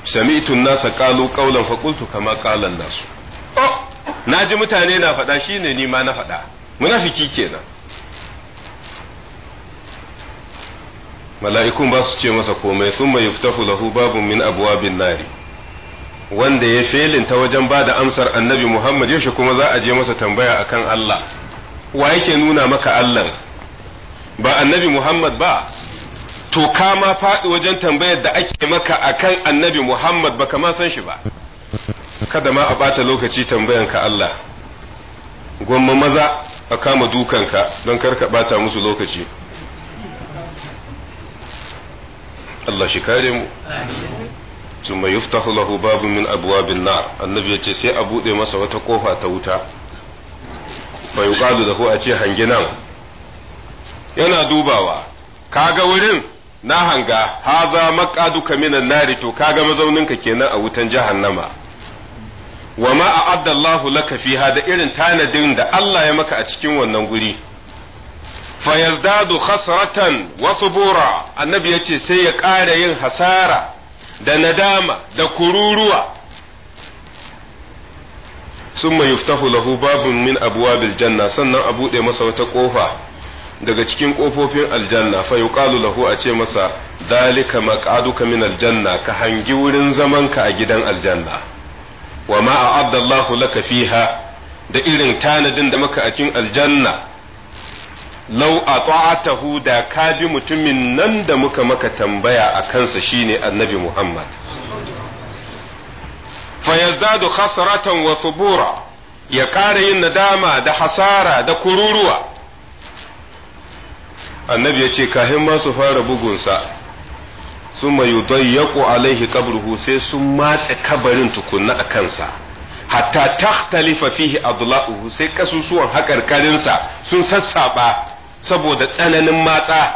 sami'tu nasa qalu qawlan fa qultu kama qala an oh, na mutane na faɗa shine ni ma na faɗa munafiki kenan mala'ikun ba su ce masa komai sun yuftahu lahu babun min abwabin nari wanda ya felin ta wajen bada amsar annabi Muhammad yaushe kuma za a je masa tambaya akan Allah wa yake nuna maka Allah ba annabi Muhammad ba to ka ma faɗi wajen tambayar da ake maka akan annabi Muhammad ba ma san shi ba kada ma a ɓata lokaci tambayan ka Allah gwamma maza a kama dukanka don karka ɓata musu lokaci Allah shi kare mu ثم يفتح له باب annabi ya ce sai a أبو masa wata kofa ta wuta. fa da lahu a ce hangi yana dubawa kaga wurin na hanga haza maqaduka kaminan nari to kaga ka kenan a wutan jahannama wa ma a'adda Allahu laka ha da irin tanadin da Allah ya maka a cikin wannan guri fayazdadu khasratan wa subura annabi ce sai ya ƙara yin hasara da nadama da kururuwa summa yuftahu lahu babun min abwabil janna sannan a buɗe masa wata ƙofa daga cikin kofofin aljanna fa yuqalu lahu a ce masa dalika maq'aduka min aljanna ka hangi wurin zamanka a gidan aljanna wa ma a'addallahu laka fiha da irin tanadin da maka a cikin aljanna lau a da ka bi mutumin nan da muka maka tambaya a kansa shine annabi Muhammad fa yazdadu khasratan wa subura ya ƙara yin nadama da hasara da kururuwa annabi ya ce kahin ma su fara bugunsa summa yudayyaku alaihi qabruhu sai sun matse kabarin tukunna a kansa hatta takhtalifa fihi adla'uhu ƙasusuwan haƙar hakarkarinsa sun sassaɓa saboda tsananin matsa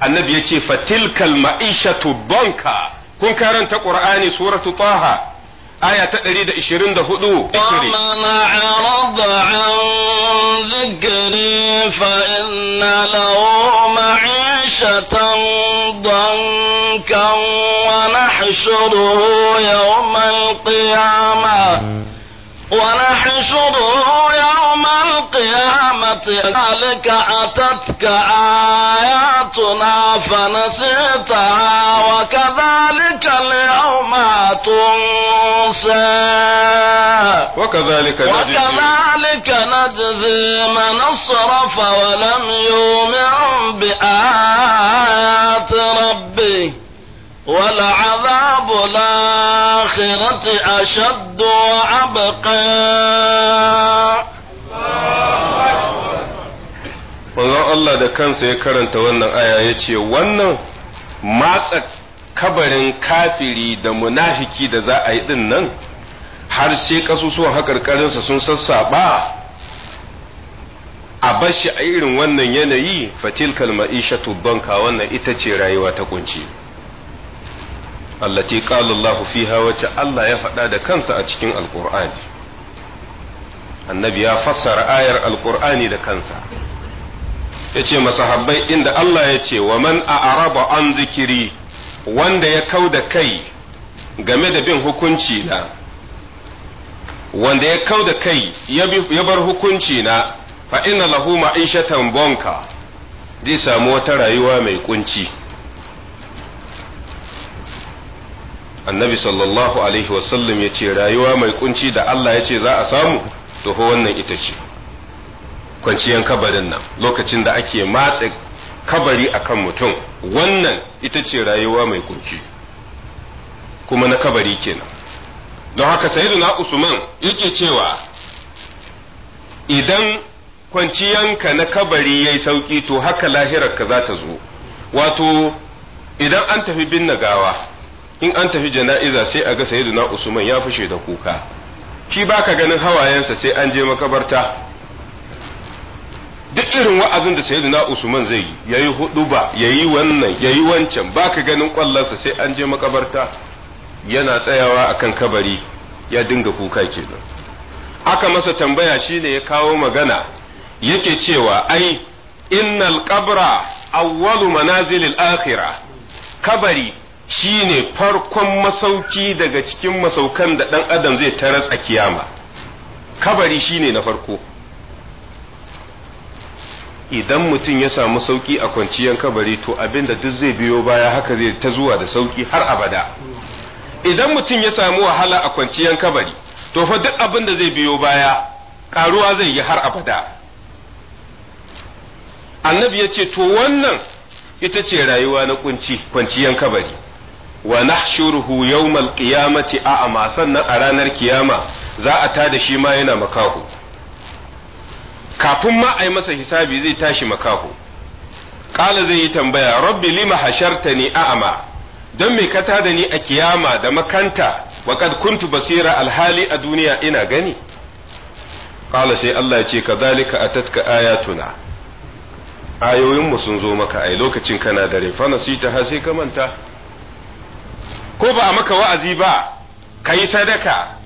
annabi ya ce fatilkal ma'ishatu banka kun karanta qur'ani suratu taha آية aya ta 124 ومن أعرض عن ذكري فإن له معيشة ضنكا ونحشره يوم القيامة ونحشره يوم القيامة ذلك أتتك آياتنا فنسيتها وكذلك اليوم تنسى وكذلك نجزي, وكذلك نجزي من اصرف ولم يؤمن بآيات ربه ولعذاب الآخرة أشد وأبقى Allah da kansa ya karanta wannan aya ya ce wannan matsa kabarin kafiri da munafiki da za a yi din nan har sai kasusuwan haƙarƙarinsa sun sassaɓa a bashi a irin wannan yanayi fatilkal ma'ishatu banka wannan ita ce rayuwa ta kunci allati qala fiha wacce Allah ya faɗa da kansa a cikin alqur'ani annabi ya fassara ayar alqur'ani da kansa yace masahabbai inda Allah ya ce wa man a'raba an zikiri wanda ya kau da kai game da bin hukunci na wanda ya kau da kai ya bar hukunci na fa inna lahu ma'ishatan bonka zai samu wata rayuwa mai kunci annabi sallallahu alaihi wasallam ya ce rayuwa mai kunci da Allah ya ce za a samu to wannan ita ce kwanciyan kabarin nan lokacin da ake matse kabari a kan mutum wannan ita ce rayuwa mai kunci kuma na kabari kenan don haka na usman yake cewa idan kwanciyanka na kabari yayi sauki to haka lahirarka za ta zo wato idan an tafi binne gawa in an tafi jana'iza sai a ga sayyiduna usman ya fushe da kuka ki baka ganin hawayensa sai an je makabarta duk irin wa'azin da na usman zai yi ya yi hudu ba ya yi wannan ya yi wancan ba ka ganin kwallonsa sai an je makabarta yana tsayawa a kan kabari ya dinga kuka kenan aka masa tambaya shine ya kawo magana yake cewa ai innal qabra awwalu manazilil akhira kabari shine farkon masauki daga cikin masaukan da dan adam zai taras a kiyama kabari shine na farko idan mutum ya samu sauki a kwanciyar kabari to abinda duk zai biyo baya haka zai ta zuwa da sauki har abada idan mutum ya samu wahala a kwanciyar kabari to fa duk abin da zai biyo baya karuwa zai yi har abada annabi ya ce to wannan ita ce rayuwa na kunci kwanciyar kabari wa nahshuruhu yawmal qiyamati a'ma sannan a ranar kiyama za a tada shi ma yana makahu kafin ma a yi masa hisabi zai tashi makaho kala zai yi tambaya rabbi lima hasharta ni a'ama don mai ka tada ni a kiyama da makanta wa kad kuntu basira alhali a duniya ina gani kala sai Allah ya ce kadhalika atatka ayatuna ayoyin mu sun zo maka ai lokacin kana dare fa nasita ha sai ka manta ko ba a maka wa'azi ba kai sadaka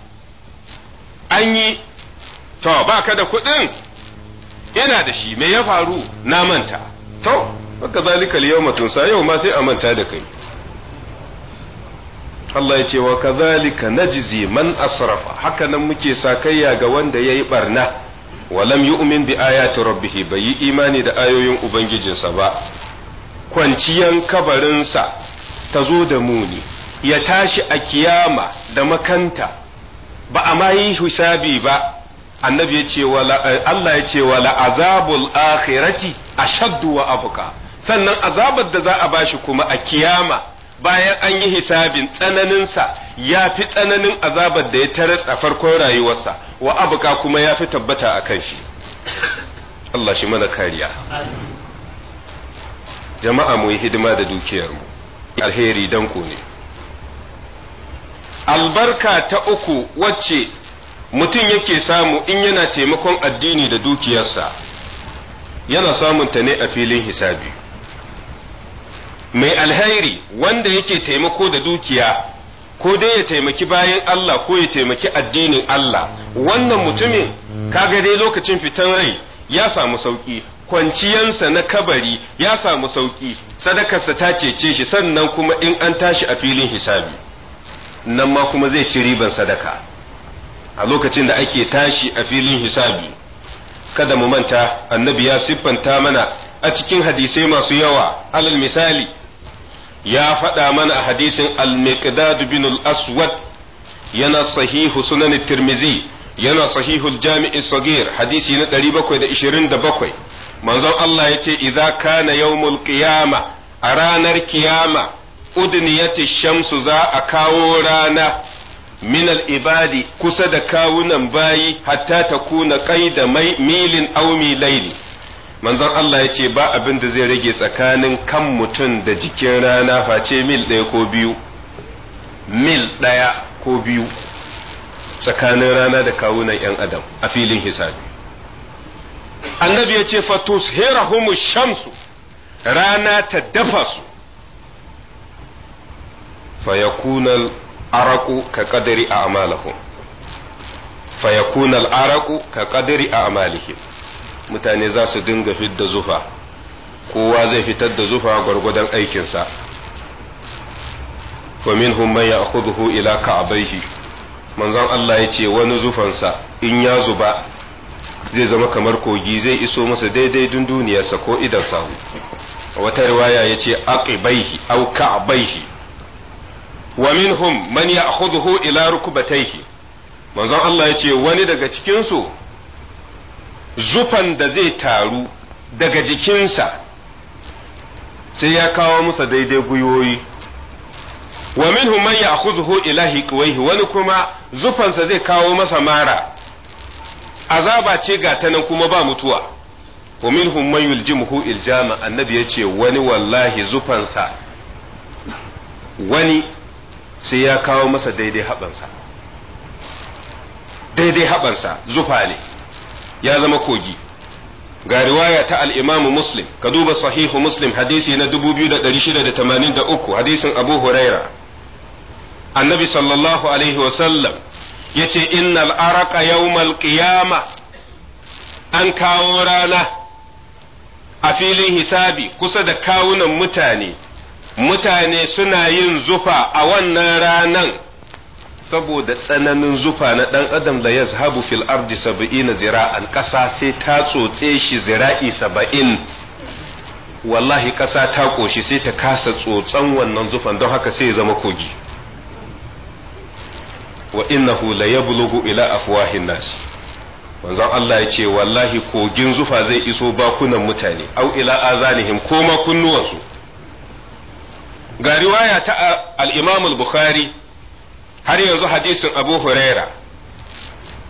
an yi to ba ka da kuɗin yana da shi me ya faru na manta to baka zalika liyau matunsa yau ma sai a manta da kai Allah ya ce wa kadhalika najzi man asrafa haka nan muke sakayya ga wanda ya yi barna walam yu'min bi ayati rabbihi bai yi imani da ayoyin ubangijinsa ba kwanciyan kabarinsa ta zo da muni ya tashi a kiyama da makanta ba a ma yi hisabi ba annabi ya ce eh, Allah ya ce wa azabul akhirati ashaddu wa abuka sannan azabar da za a bashi kuma a kiyama bayan an yi hisabin tsananinsa ya fi tsananin azabar da ya taras a farkon rayuwarsa wa abuka kuma ya fi tabbata a kan shi Allah shi mana kariya jama'a mu yi hidima da dukiyarmu alheri danko ne albarka ta uku wacce mutum yake samu in yana taimakon addini da dukiyarsa yana samun ta ne a filin hisabi mai alhairi wanda yake taimako da dukiya ko dai ya taimaki bayan Allah ko ya taimaki addinin Allah wannan mutumin kaga dai lokacin fitan rai ya samu sauki kwanciyansa na kabari ya samu sauki sadakarsa ta cece shi sannan kuma in an tashi a filin hisabi nan ma kuma zai ci riban sadaka a lokacin da ake tashi a filin hisabi kada mu manta annabi ya siffanta mana a cikin hadisai masu yawa alal misali ya faɗa mana a hadisin al-miqdad bin al-aswad yana sahihu sunan tirmizi yana sahihu jami'i sagir hadisi na 727 manzon Allah ya ce idza kana yawmul qiyama a ranar kiyama udniyati shamsu za a kawo rana minal ibadi kusa da kawunan bayi hatta ta kuna kai da mai milin aumi laili manzon Allah ya ce ba abin da zai rage tsakanin kan mutum da jikin rana face mil ɗaya ko biyu mil ɗaya ko biyu tsakanin rana da kawunan 'yan adam a filin hisabi annabi ya ce fatus herahumu shamsu rana ta dafa su Fayakunan. araku ka kadari a amalahum fa yakuna ka kadari a mutane za su dinga fidda zufa kowa zai fitar da zufa gwargwadon aikinsa famin minhum man ya'khudhu ila ka'abaihi manzon Allah ya ce wani zufansa in ya zuba zai zama kamar kogi zai iso masa daidai duniyarsa ko idan sahu wata riwaya ya ce aqibaihi au ka'abaihi wa minhum man ya'khudhu ila rukbatayhi manzon Allah ya ce wani daga cikinsu zufan da zai taru daga jikinsa sai ya kawo masa daidai guyoyi wa minhum man ya'khudhuhu ila hiqwayhi wani kuma zufansa zai kawo masa mara azaba ce ga ta nan kuma ba mutuwa wa minhum man yuljimuhu iljama annabi yace wani wallahi zufansa wani sai ya kawo masa daidai haɓansa daidai haɓansa zufa ne ya zama kogi ga riwaya ta al'imamu muslim ka duba sahihu muslim hadisi na 2683 hadisin abu huraira annabi sallallahu alaihi wasallam ya ce innal araka yawmal qiyama an kawo rana a filin hisabi kusa da kawunan mutane mutane suna yin zufa a wannan ranan saboda tsananin zufa na ɗan adam da ya zhabu fil ardi saba'in zira'an ƙasa sai ta tsotse shi zira'i saba'in wallahi ƙasa ta ƙoshi sai ta kasa tsotson wannan zufan don haka sai ya zama kogi wa innahu la yablughu ila afwahin nas wanzan Allah ya ce wallahi kogin zufa zai iso bakunan mutane au ila azanihim ko ma kunnuwansu ga riwaya ta al-Imam al-Bukhari har yanzu hadisin Abu Huraira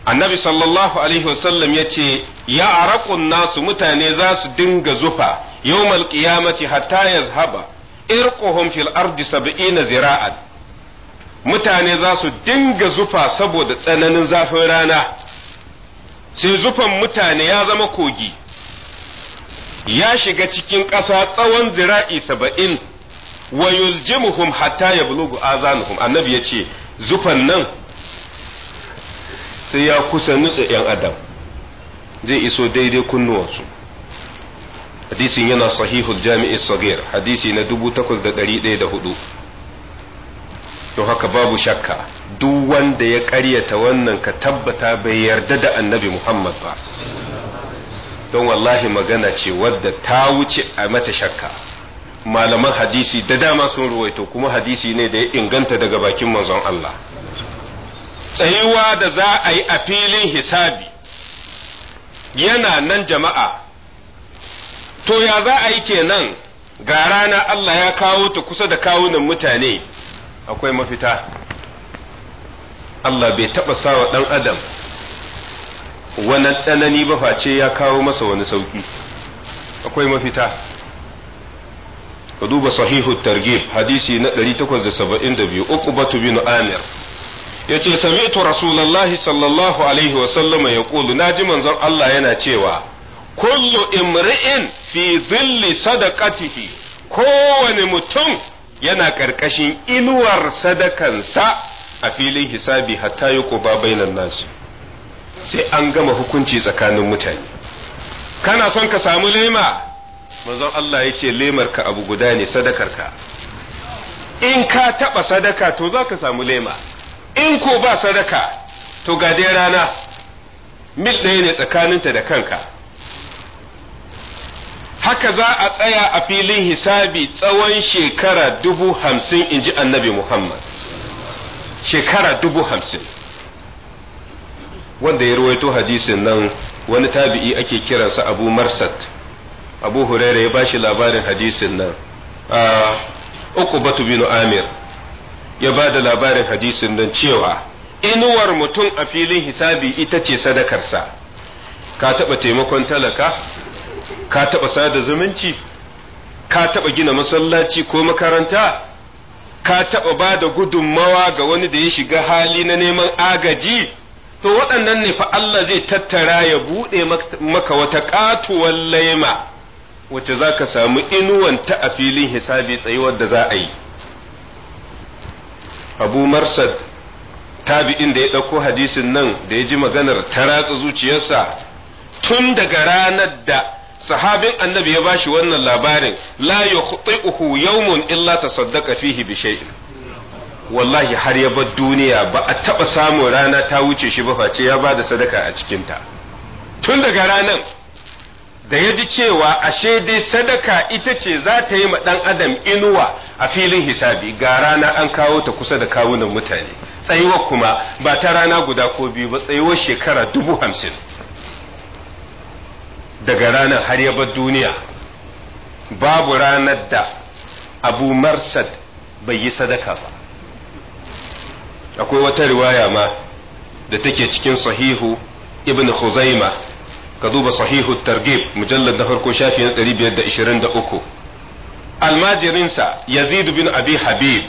annabi sallallahu alaihi wasallam ya ce ya arakun nasu mutane za su dinga zufa yawmal qiyamati hatta yazhaba irquhum fil ardi sab'ina zira'an mutane za su dinga zufa saboda tsananin zafin rana sai zufan mutane ya zama kogi ya shiga cikin ƙasa tsawon zira'i saba'in wa yuljimuhum hatta yablugu azanuhum annabi yace zufan nan sai ya kusa nutsa yan adam zai iso daidai kunnuwansu hadisin yana sahihul jami'i sagir hadisi na dubu 8104 don haka babu shakka duk wanda ya karyata wannan ka tabbata bai yarda da annabi muhammad ba don wallahi magana ce wadda ta wuce a mata shakka malaman hadisi da dama sun ruwaito kuma hadisi ne da ya inganta daga bakin manzon Allah tsayuwa da za a yi a filin hisabi yana nan jama'a to ya za a yi kenan ga rana Allah ya kawo ta kusa da kawunan mutane akwai mafita Allah bai taɓa sawa ɗan adam wani tsanani ba face ya kawo masa wani sauki akwai mafita ka duba sahihu targib hadisi na 872 uqbatu bin amir yace sami'tu rasulullahi sallallahu alaihi wa sallama yaqulu naji manzon Allah yana cewa kullu imri'in fi dhilli sadaqatihi kowane mutum yana karkashin inuwar sadakansa a filin hisabi hatta yuquba bainan nas sai an gama hukunci tsakanin mutane kana son ka samu laima. manzon Allah ya ce lemarka abu guda ne sadakarka in ka taɓa sadaka to za ka samu lema in ko ba sadaka to ga dai rana mil ɗaya ne tsakaninta da kanka haka za a tsaya a filin hisabi tsawon shekara dubu hamsin in ji annabi Muhammad shekara dubu hamsin wanda ya ruwaito hadisin nan wani tabi'i ake kiransa abu marsat abu huraira ya bashi labarin hadisin nan uku batu bin amir ya ba da labarin hadisin nan cewa inuwar mutum a filin hisabi ita ce sadakarsa ka taɓa taimakon talaka ka taɓa sada zumunci ka taɓa gina masallaci ko makaranta ka taɓa ba da gudunmawa ga wani da ya shiga hali na neman agaji to waɗannan ne fa Allah zai tattara ya buɗe maka wata ƙatuwar laima wacce za ka samu inuwanta a filin hisabi tsayuwar da za a yi abu marsad tabi'in da ya ɗauko hadisin nan da ya ji maganar ta ratsa zuciyarsa tun daga ranar da sahabin annabi ya bashi wannan labarin la yukhti'uhu yawmun illa saddaka fihi bi shay'in wallahi har ya bar duniya ba a taɓa samun rana ta wuce shi ba face ya ba da sadaka a cikinta tun daga ranar da ya ji cewa ashe dai sadaka ita ce za ta yi ma ɗan adam inuwa a filin hisabi ga rana an kawo ta kusa da kawunan mutane tsayuwar kuma ba ta rana guda ko biyu ba tsayuwar shekara dubu hamsin daga ranar har ya bar duniya babu ranar da abu marsad bai yi sadaka ba akwai wata riwaya ma da take cikin sahihu ibn khuzaima ka duba sahihu Targib mujallad na farko shafi na 523 almajirinsa yazid bin abi habib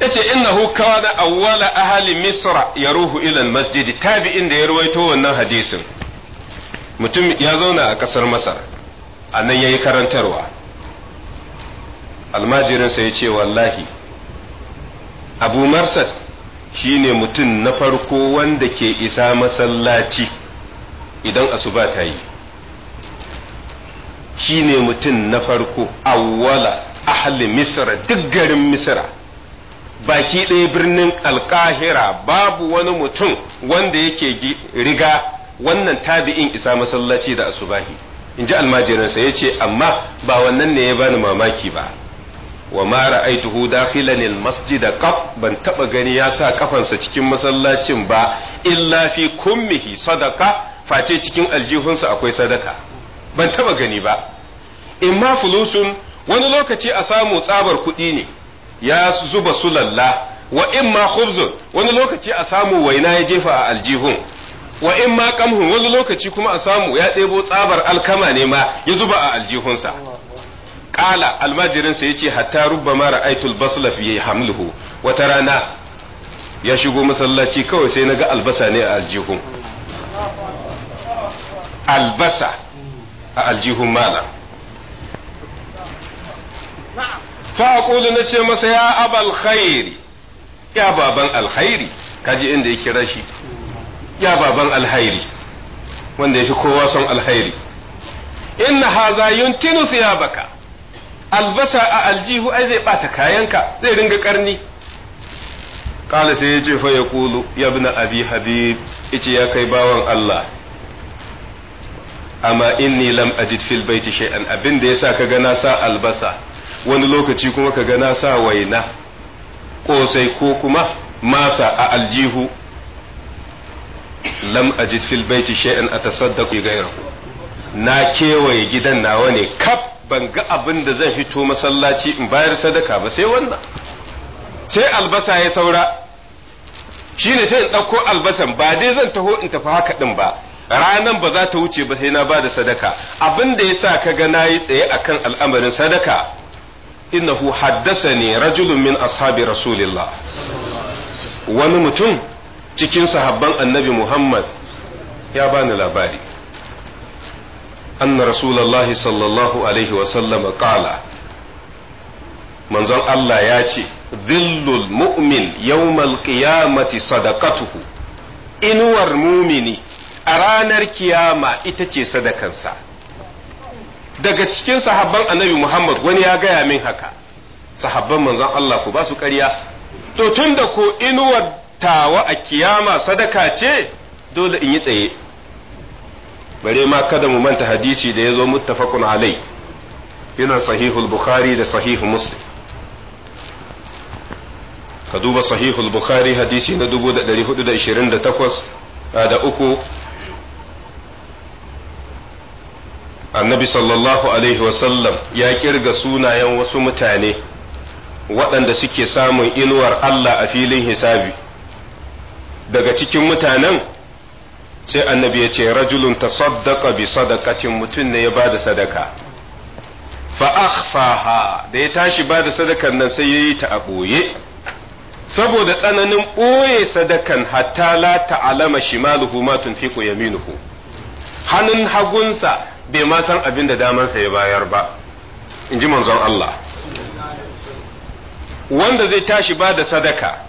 yace innahu kana awwala ahli misra yaruhu ila almasjid tabi'in da ya ruwaito wannan hadisin mutum ya zauna a kasar masar annan yayi karantarwa almajirinsa yace wallahi abu marsad Shi ne mutum na farko wanda ke isa masallaci idan asuba ta yi Shi ne mutum na farko awwala ahli misra duk garin misra baki ɗaya birnin alkahira babu wani mutum wanda yake riga wannan tabi'in isa masallaci da asubahi in ji almajiransa ya ce amma ba wannan ne ya bani mamaki ba wa ma ra'aituhu dakhilan al-masjid qab ban taba gani ya sa kafansa cikin masallacin ba illa fi kummihi sadaka face cikin aljihunsa akwai sadaka ban taba gani ba ma fulusun wani lokaci a samu tsabar kuɗi ne ya zuba sulalla wa ma khubzun wani lokaci a samu waina ya jefa a aljihun wa ma qamhun wani lokaci kuma a samu ya ɗebo tsabar alkama ne ma ya zuba a aljihunsa kala almajirinsa ya ce hatta rubba mara aitul baslaf fiye hamluhu wata rana ya shigo masallaci kawai sai naga albasa ne a aljihun albasa a aljihun malam fa'aqulu na ce masa ya abal khairi ya baban alkhairi kaji inda ya kira shi ya baban alkhairi wanda ya fi kowa son alkhairi inna haza yuntinu baka albasa a aljihu ai zai bata kayanka zai ringa karni kala sai ya ce fa ya kulu ya bi abi habib ice ya kai bawan Allah amma inni lam ajid fil baiti shay'an abin da yasa kaga na sa albasa wani lokaci kuma kaga na sa waina kosai ko kuma masa a aljihu lam ajid fil baiti shay'an atasaddaqu ghayrahu na kewaye gidan nawa ne kaf ban ga abin da zan fito masallaci in bayar sadaka ba sai wannan sai albasa ya saura shi ne sai in ɗauko albasan ba dai zan taho in tafi haka ɗin ba ranan ba za ta wuce ba sai na ba da sadaka abin da ya sa ka ga na yi tsaye akan al'amarin sadaka innahu haddasa ne rajulun min ashabi rasulillah wani mutum cikin sahabban annabi muhammad ya bani labari أن رسول الله صلى الله عليه وسلم قال من زن الله ياتي ذل المؤمن يوم القيامة صدقته inuwar mumini a ranar kiyama ita ce sadakansa daga cikin sahabban annabi Muhammad wani ya gaya min haka sahabban manzon Allah ku ba su ƙarya to tunda ko inuwar tawa a kiyama sadaka ce dole in yi tsaye bare ma kada mu manta hadisi da ya zo muttafaqun alai yana sahihul bukhari da sahihu muslim ka duba sahihul bukhari hadisi na 428 da uku annabi sallallahu alaihi wasallam ya kirga sunayen wasu mutane waɗanda suke samun inuwar Allah a filin hisabi daga cikin mutanen sai annabi ya ce rajulun tasaddaqa bi sadaqatin mutum ne ya bada sadaka fa da ya tashi bada sadakan nan sai yayi ta a ɓoye. saboda tsananin ɓoye sadakan hatta la ta'lama shimaluhu ma tunfiqu yaminuhu hannun hagunsa bai ma san abin da damansa ya bayar ba in ji manzon Allah wanda zai tashi ba da sadaka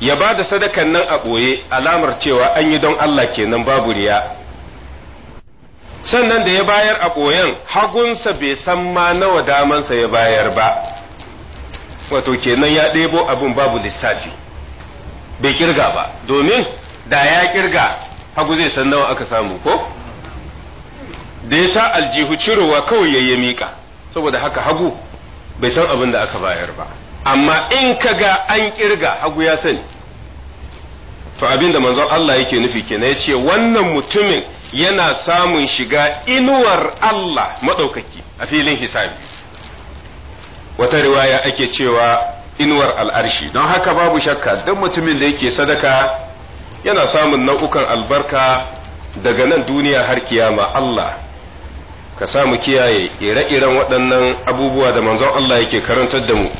ya ba da sadakan nan a ɓoye alamar cewa an yi don Allah kenan babu riya sannan da ya bayar a ɓoyen hagunsa bai san ma nawa damansa ya bayar ba wato kenan ya ɗebo abin babu lissafi bai kirga ba domin da ya kirga hagu zai san nawa aka samu ko da ya sa aljihu cirowa kawai ya yi miƙa saboda haka hagu bai san abin da aka bayar ba amma in ka ga an kirga hagu ya sani to abinda manzon Allah yake nufi kenan yace wannan mutumin yana samun shiga inuwar Allah maɗaukaki a filin hisabi wata riwaya ake cewa inuwar al'arshi don haka babu shakka duk mutumin da yake sadaka yana samun nau'ukan albarka daga nan duniya har kiyama Allah ka samu kiyaye ire-iren waɗannan abubuwa da manzon Allah yake karantar da mu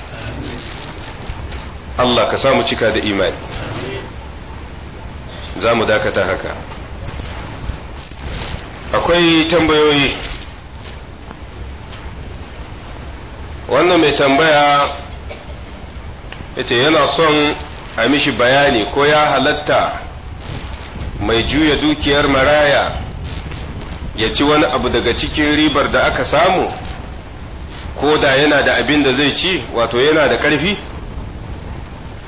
Allah ka samu cika da imani za mu dakata haka akwai tambayoyi wannan mai tambaya ita yana son a mishi bayani ko ya halatta mai juya dukiyar maraya ya ci wani abu daga cikin ribar da aka samu ko da yana da abin da zai ci wato yana da ƙarfi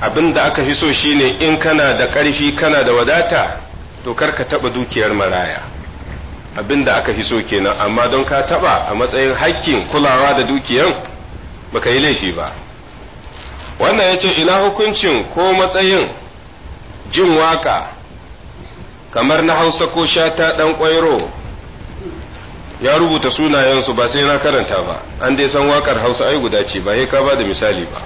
abin da aka fi so shine in kana da ƙarfi kana da wadata to kar ka taɓa dukiyar maraya abin da aka fi so kenan amma don ka taɓa a matsayin hakkin kulawa da dukiyan baka yi laifi ba wannan ya ce ina hukuncin ko matsayin jin waka kamar na hausa ko shata ɗan ƙwairo ya rubuta sunayensu ba sai na karanta ba an dai san wakar hausa ai guda ce ba ka ba da misali ba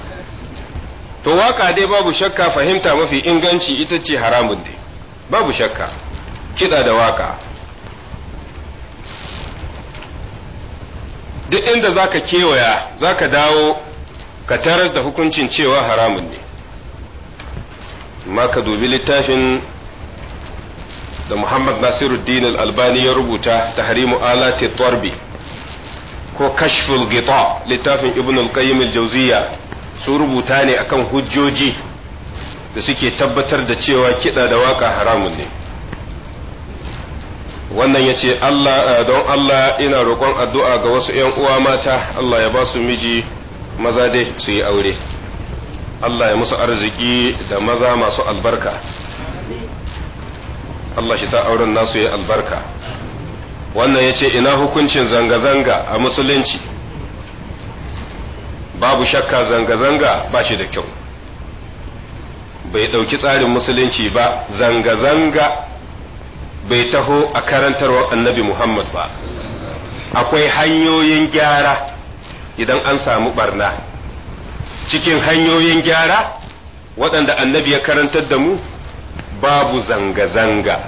to waka dai babu shakka fahimta mafi inganci ita ce haramun dai babu shakka kiɗa da waka duk inda za ka kewaya za ka dawo ka taras da hukuncin cewa haramun ne ma ka dubi littafin da Muhammad Nasiruddin al-Albani ya rubuta tahrimu alati tarbi ko kashful gita littafin Ibn al-Qayyim al-Jawziyya su rubuta ne akan hujjoji da suke tabbatar da cewa kiɗa da waka haramun ne wannan ya ce eh, don Allah ina roƙon addu'a ga wasu ‘yan uwa mata Allah ya ba su miji maza dai su yi aure Allah ya musu arziki da maza masu albarka Allah shi sa auren nasu ya albarka wannan ya ce ina hukuncin zanga-zanga a musulunci babu shakka zanga-zanga ba shi da kyau bai ɗauki tsarin musulunci ba zanga-zanga bai taho a karantarwar annabi Muhammad ba akwai hanyoyin gyara idan an samu barna cikin hanyoyin gyara waɗanda annabi ya karantar da mu babu zanga-zanga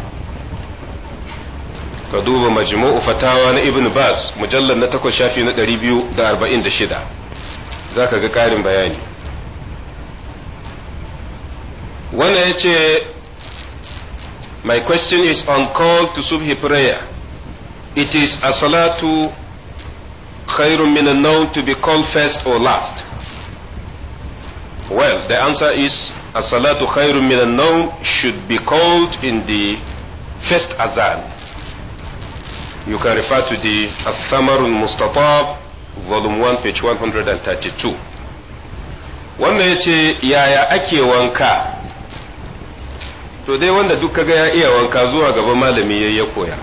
ka duba majmu'u fatawa na ibn bas mujallar na takwas shafi na 246 za ka ga ƙarin bayani wannan ya ce my question is on call to subhi prayer it is a salatu khairun min known to be called first or last Well, the answer is a salatu khairun minan nawm should be called in the first azan. You can refer to the Al-Thamarul Mustatab, volume 1, page 132. Wannan ya ce, yaya ake wanka? To dai wanda duk ga ya iya wanka zuwa gaba malami ya koya.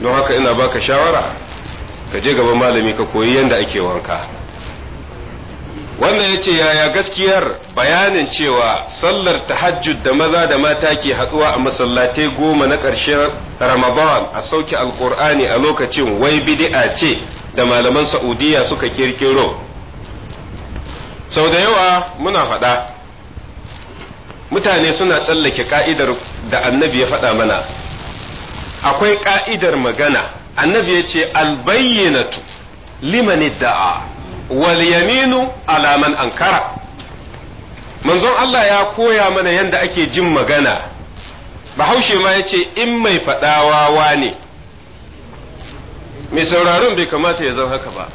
Don haka ina baka shawara, ka je gaba malami ka koyi yadda ake wanka. wannan ya ce yaya gaskiyar bayanin cewa sallar tahajjud da maza da mata ke haɗuwa a masallatai goma na ƙarshen ramadan a sauke alƙur'ani a lokacin wai bidi'a ce da malaman sa'udiyya suka ƙirƙiro. sau da yawa muna faɗa mutane suna tsallake ka'idar da annabi ya faɗa mana akwai ka'idar magana annabi ya ce albayyanatu limanid da'a wal yaminu ala man ankara manzon Allah ya koya mana yadda ake jin magana bahaushe ma ya ce in mai faɗawawa ne mai sauraron bai kamata ya zama haka ba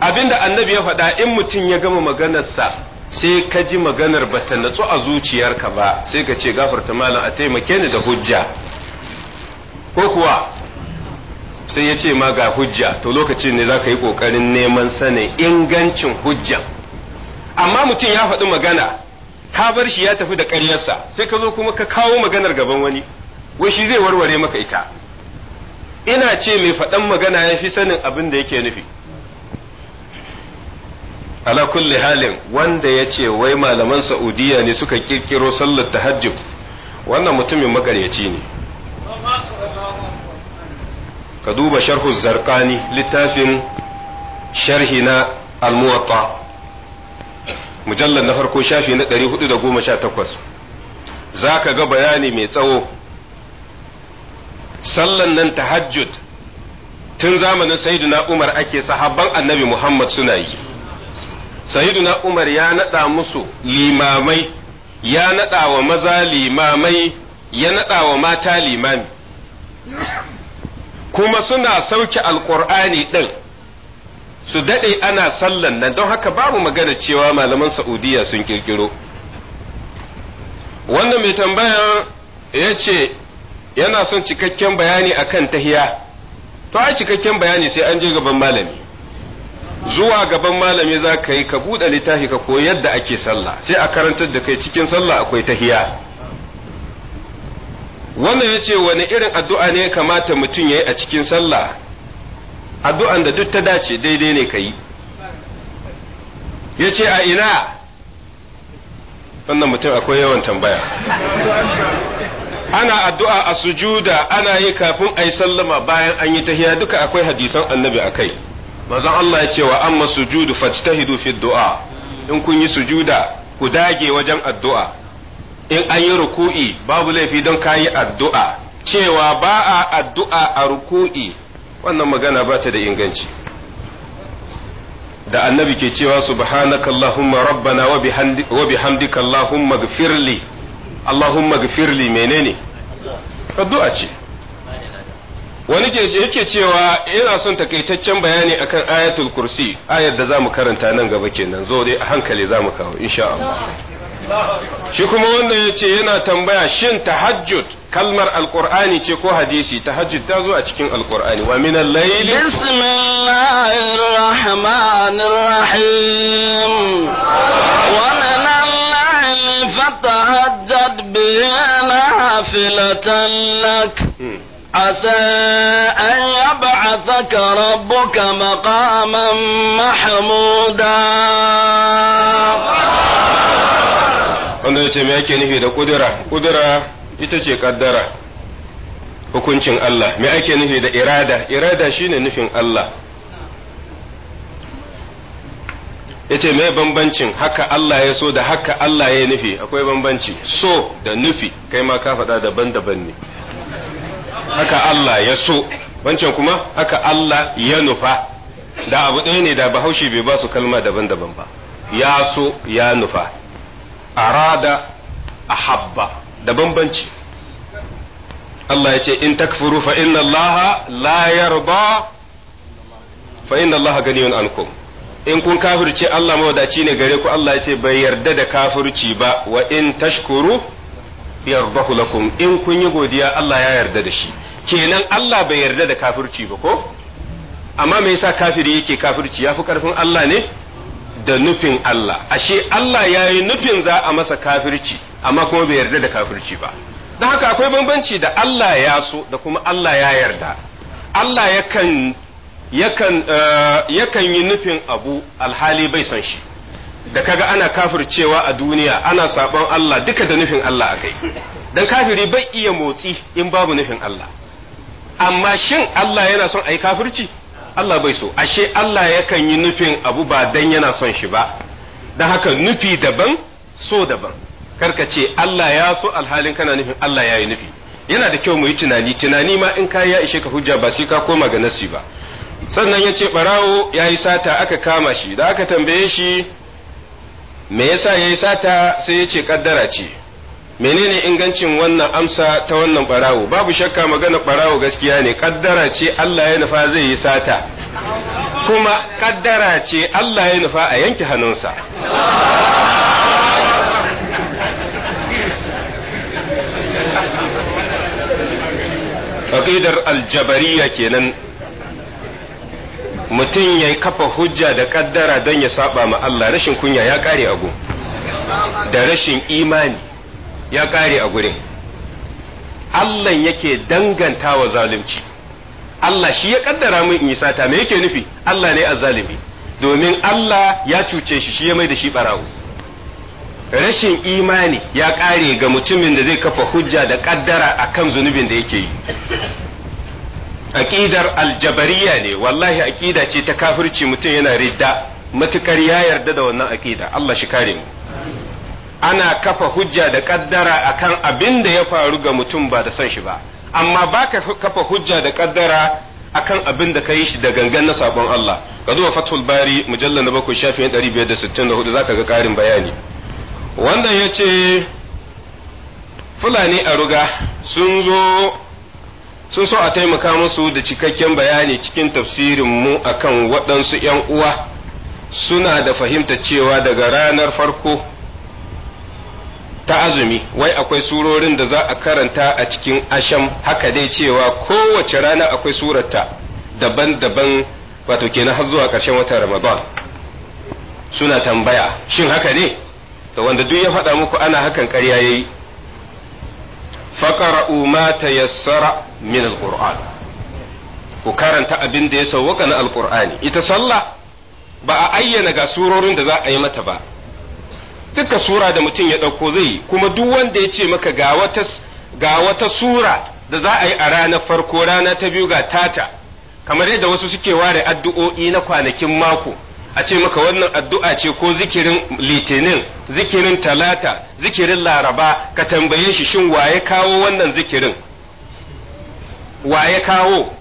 abinda annabi ya faɗa in mutum ya gama maganarsa sai ka ji maganar ba ta natsu a zuciyarka ba sai ka ce gafarta malam a taimake ni da hujja ko kuwa sai ya ce ma ga hujja to lokacin ne za ka yi ƙoƙarin neman sanin ingancin hujja amma mutum ya faɗi magana ka bar shi ya tafi da ƙaryarsa sai ka zo kuma ka kawo maganar gaban wani wai shi zai warware maka ita ina ce mai faɗan magana ya fi sanin abin da yake nufi ala kulli halin wanda ya ce wai malaman sa'udiyya ne suka ƙirƙiro sallar tahajjud wannan mutumin makaryaci ne ka duba sharhu zarkani littafin sharhi na almuwatta mujallar na farko shafi na 418 za ka ga bayani mai tsawo sallan nan tahajjud tun zamanin sayyiduna umar ake sahabban annabi muhammad suna yi sayyiduna umar ya naɗa musu limamai ya naɗa wa maza limamai ya naɗa wa mata limami kuma suna sauke alkur'ani ɗin su daɗe ana sallan nan don haka babu magana cewa malaman saudiya sun kirkiro wannan mai tambaya ya ce yana son cikakken bayani akan tahiya to ai cikakken bayani sai an je gaban malami zuwa gaban malami za ka yi ka buɗe littafi ka koyi yadda ake sallah sai a karantar da kai cikin sallah akwai tahiya wannan ya ce wani irin addu'a ne kamata mutum ya yi a cikin sallah addu'an da duk ta dace daidai ne ka yi ya ce a ina wannan mutum akwai yawan tambaya ana addu'a a sujuda ana yi kafin a yi sallama bayan an yi tahiya duka akwai hadisan annabi a kai mazan Allah ya ce wa amma sujudu fajtahidu fi du'a in kun yi sujuda ku dage wajen addu'a in an yi ruku'i babu laifi don kayi addu'a cewa ba a addu'a a ruku'i wannan magana ba ta da inganci da annabi ke cewa subhanaka allahumma rabbana wa bihamdika allahumma gfirli allahumma gfirli menene addu'a ce wani yake cewa yana son takaitaccen bayani akan ayatul kursi ayar da mu karanta nan gaba kenan zo dai a hankali zamu kawo insha Allah shi kuma wanda ya ce yana tambaya shin tahajjud kalmar alkur'ani ce ko hadisi tahajjud ta zo a cikin alkur'ani wa min al-layl bismillahir rahmanir rahim wa min al-layl fatahajjad bi nafilatan lak عسى أن يبعثك ربك مقاما محمودا wanda ce me ake nufi da kudura kudura ita ce kaddara hukuncin Allah me ake nufi da irada irada shine nufin Allah yace me bambancin haka Allah ya so da haka Allah ya nufi akwai bambanci so da nufi kai ma ka faɗa daban-daban ne haka Allah ya so wancan kuma haka Allah ya nufa da abu ɗaya ne da bahaushe bai ba su kalma daban-daban ba ya so ya nufa arada ahabba da bambanci Allah ya ce in takfuru fa inna Allah la yarda fa inna Allah ganiyun ankum in kun kafirce Allah mawadaci ne gare ku Allah ya ce bai yarda da kafirci ba wa in tashkuru yardahu lakum in kun yi godiya Allah ya yarda da shi kenan Allah bai yarda da kafirci ba ko amma me yasa kafiri yake kafirci yafi karfin Allah ne da nufin Allah ashe Allah ya yi nufin za a masa kafirci amma kuma bai yarda da kafirci ba don haka akwai bambanci da Allah ya so da kuma Allah ya yarda Allah yakan yakan eh, yakan yi nufin abu alhali bai son shi da kaga ana kafircewa a duniya ana sabon Allah duka da nufin Allah a kai don kafiri bai iya motsi in babu nufin Allah amma shin Allah yana son a yi kafirci Allah bai so ashe Allah yakan yi nufin abu ba dan yana son shi ba dan haka nufi daban so daban karka ce Allah ya so alhalin kana nufin Allah ya yi nufi yana da kyau mu yi tunani tunani ma in ka ya ishe ka hujja ba sai ka koma ga nasi ba sannan ya ce barawo ya yi sata aka kama shi da aka tambaye shi me yasa ya yi sata sai yace ce kaddara ce menene ingancin wannan amsa ta wannan barawo babu shakka magana barawo gaskiya ne kaddara ce Allah ya nufa zai yi sata kuma kaddara ce Allah ya nufa a yanke hannunsa aqidar aljabariya kenan mutum ya kafa hujja da kaddara don ya saba ma Allah rashin kunya ya ƙare abu da rashin imani ya ƙare a gurin Allah yake danganta wa zalunci Allah shi ya kaddara min in yi sata me yake nufi Allah ne azzalimi domin Allah ya cuce shi shi ya mai da shi barawo rashin imani ya ƙare ga mutumin da zai kafa hujja da kaddara akan zunubin da yake yi aƙidar aljabariya ne wallahi aƙida ce ta kafirci mutum yana ridda matukar ya yarda da wannan aƙida Allah shi kare mu ana kafa hujja da kaddara akan abin da ya faru ga mutum ba da son shi ba amma ba ka kafa hujja da kaddara akan abin da ka yi shi da gangan na sabon Allah ka zuwa fathul bari mujallar na bakwai shafi 564 za ka ga karin bayani wannan ya ce fulani a ruga sun zo sun so a taimaka musu da cikakken bayani cikin tafsirin mu akan waɗansu 'yan uwa suna da fahimta cewa daga ranar farko ta azumi wai akwai surorin da za a karanta a cikin asham haka dai cewa kowace rana akwai surarta daban-daban wato kenan har zuwa ƙarshen watan ramadan suna tambaya shin haka ne to wanda duk ya faɗa muku ana hakan ƙarya yayi faqra'u ma tayassara min alquran ku karanta abin da ya sauwaka na alqur'ani ita sallah ba a ayyana ga surorin da za a yi mata ba duka sura da mutum ya ɗauko zai yi kuma duk wanda ya ce maka ga wata sura da za a yi a ranar farko rana ta biyu ga tata kamar yadda wasu suke ware addu'o'i na kwanakin mako a ce maka wannan addu'a ce ko zikirin litinin zikirin talata zikirin laraba ka tambaye shi shin waye kawo wannan zikirin waye kawo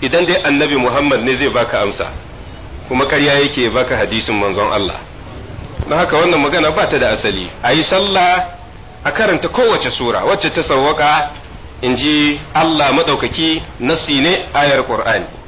idan dai annabi muhammad ne zai baka amsa kuma karya yake baka hadisin manzon Allah na haka wannan magana ba ta da asali a yi sallah a karanta kowace sura wacce ta sauwaka in ji Allah maɗaukaki nasi ne ayar Qur'ani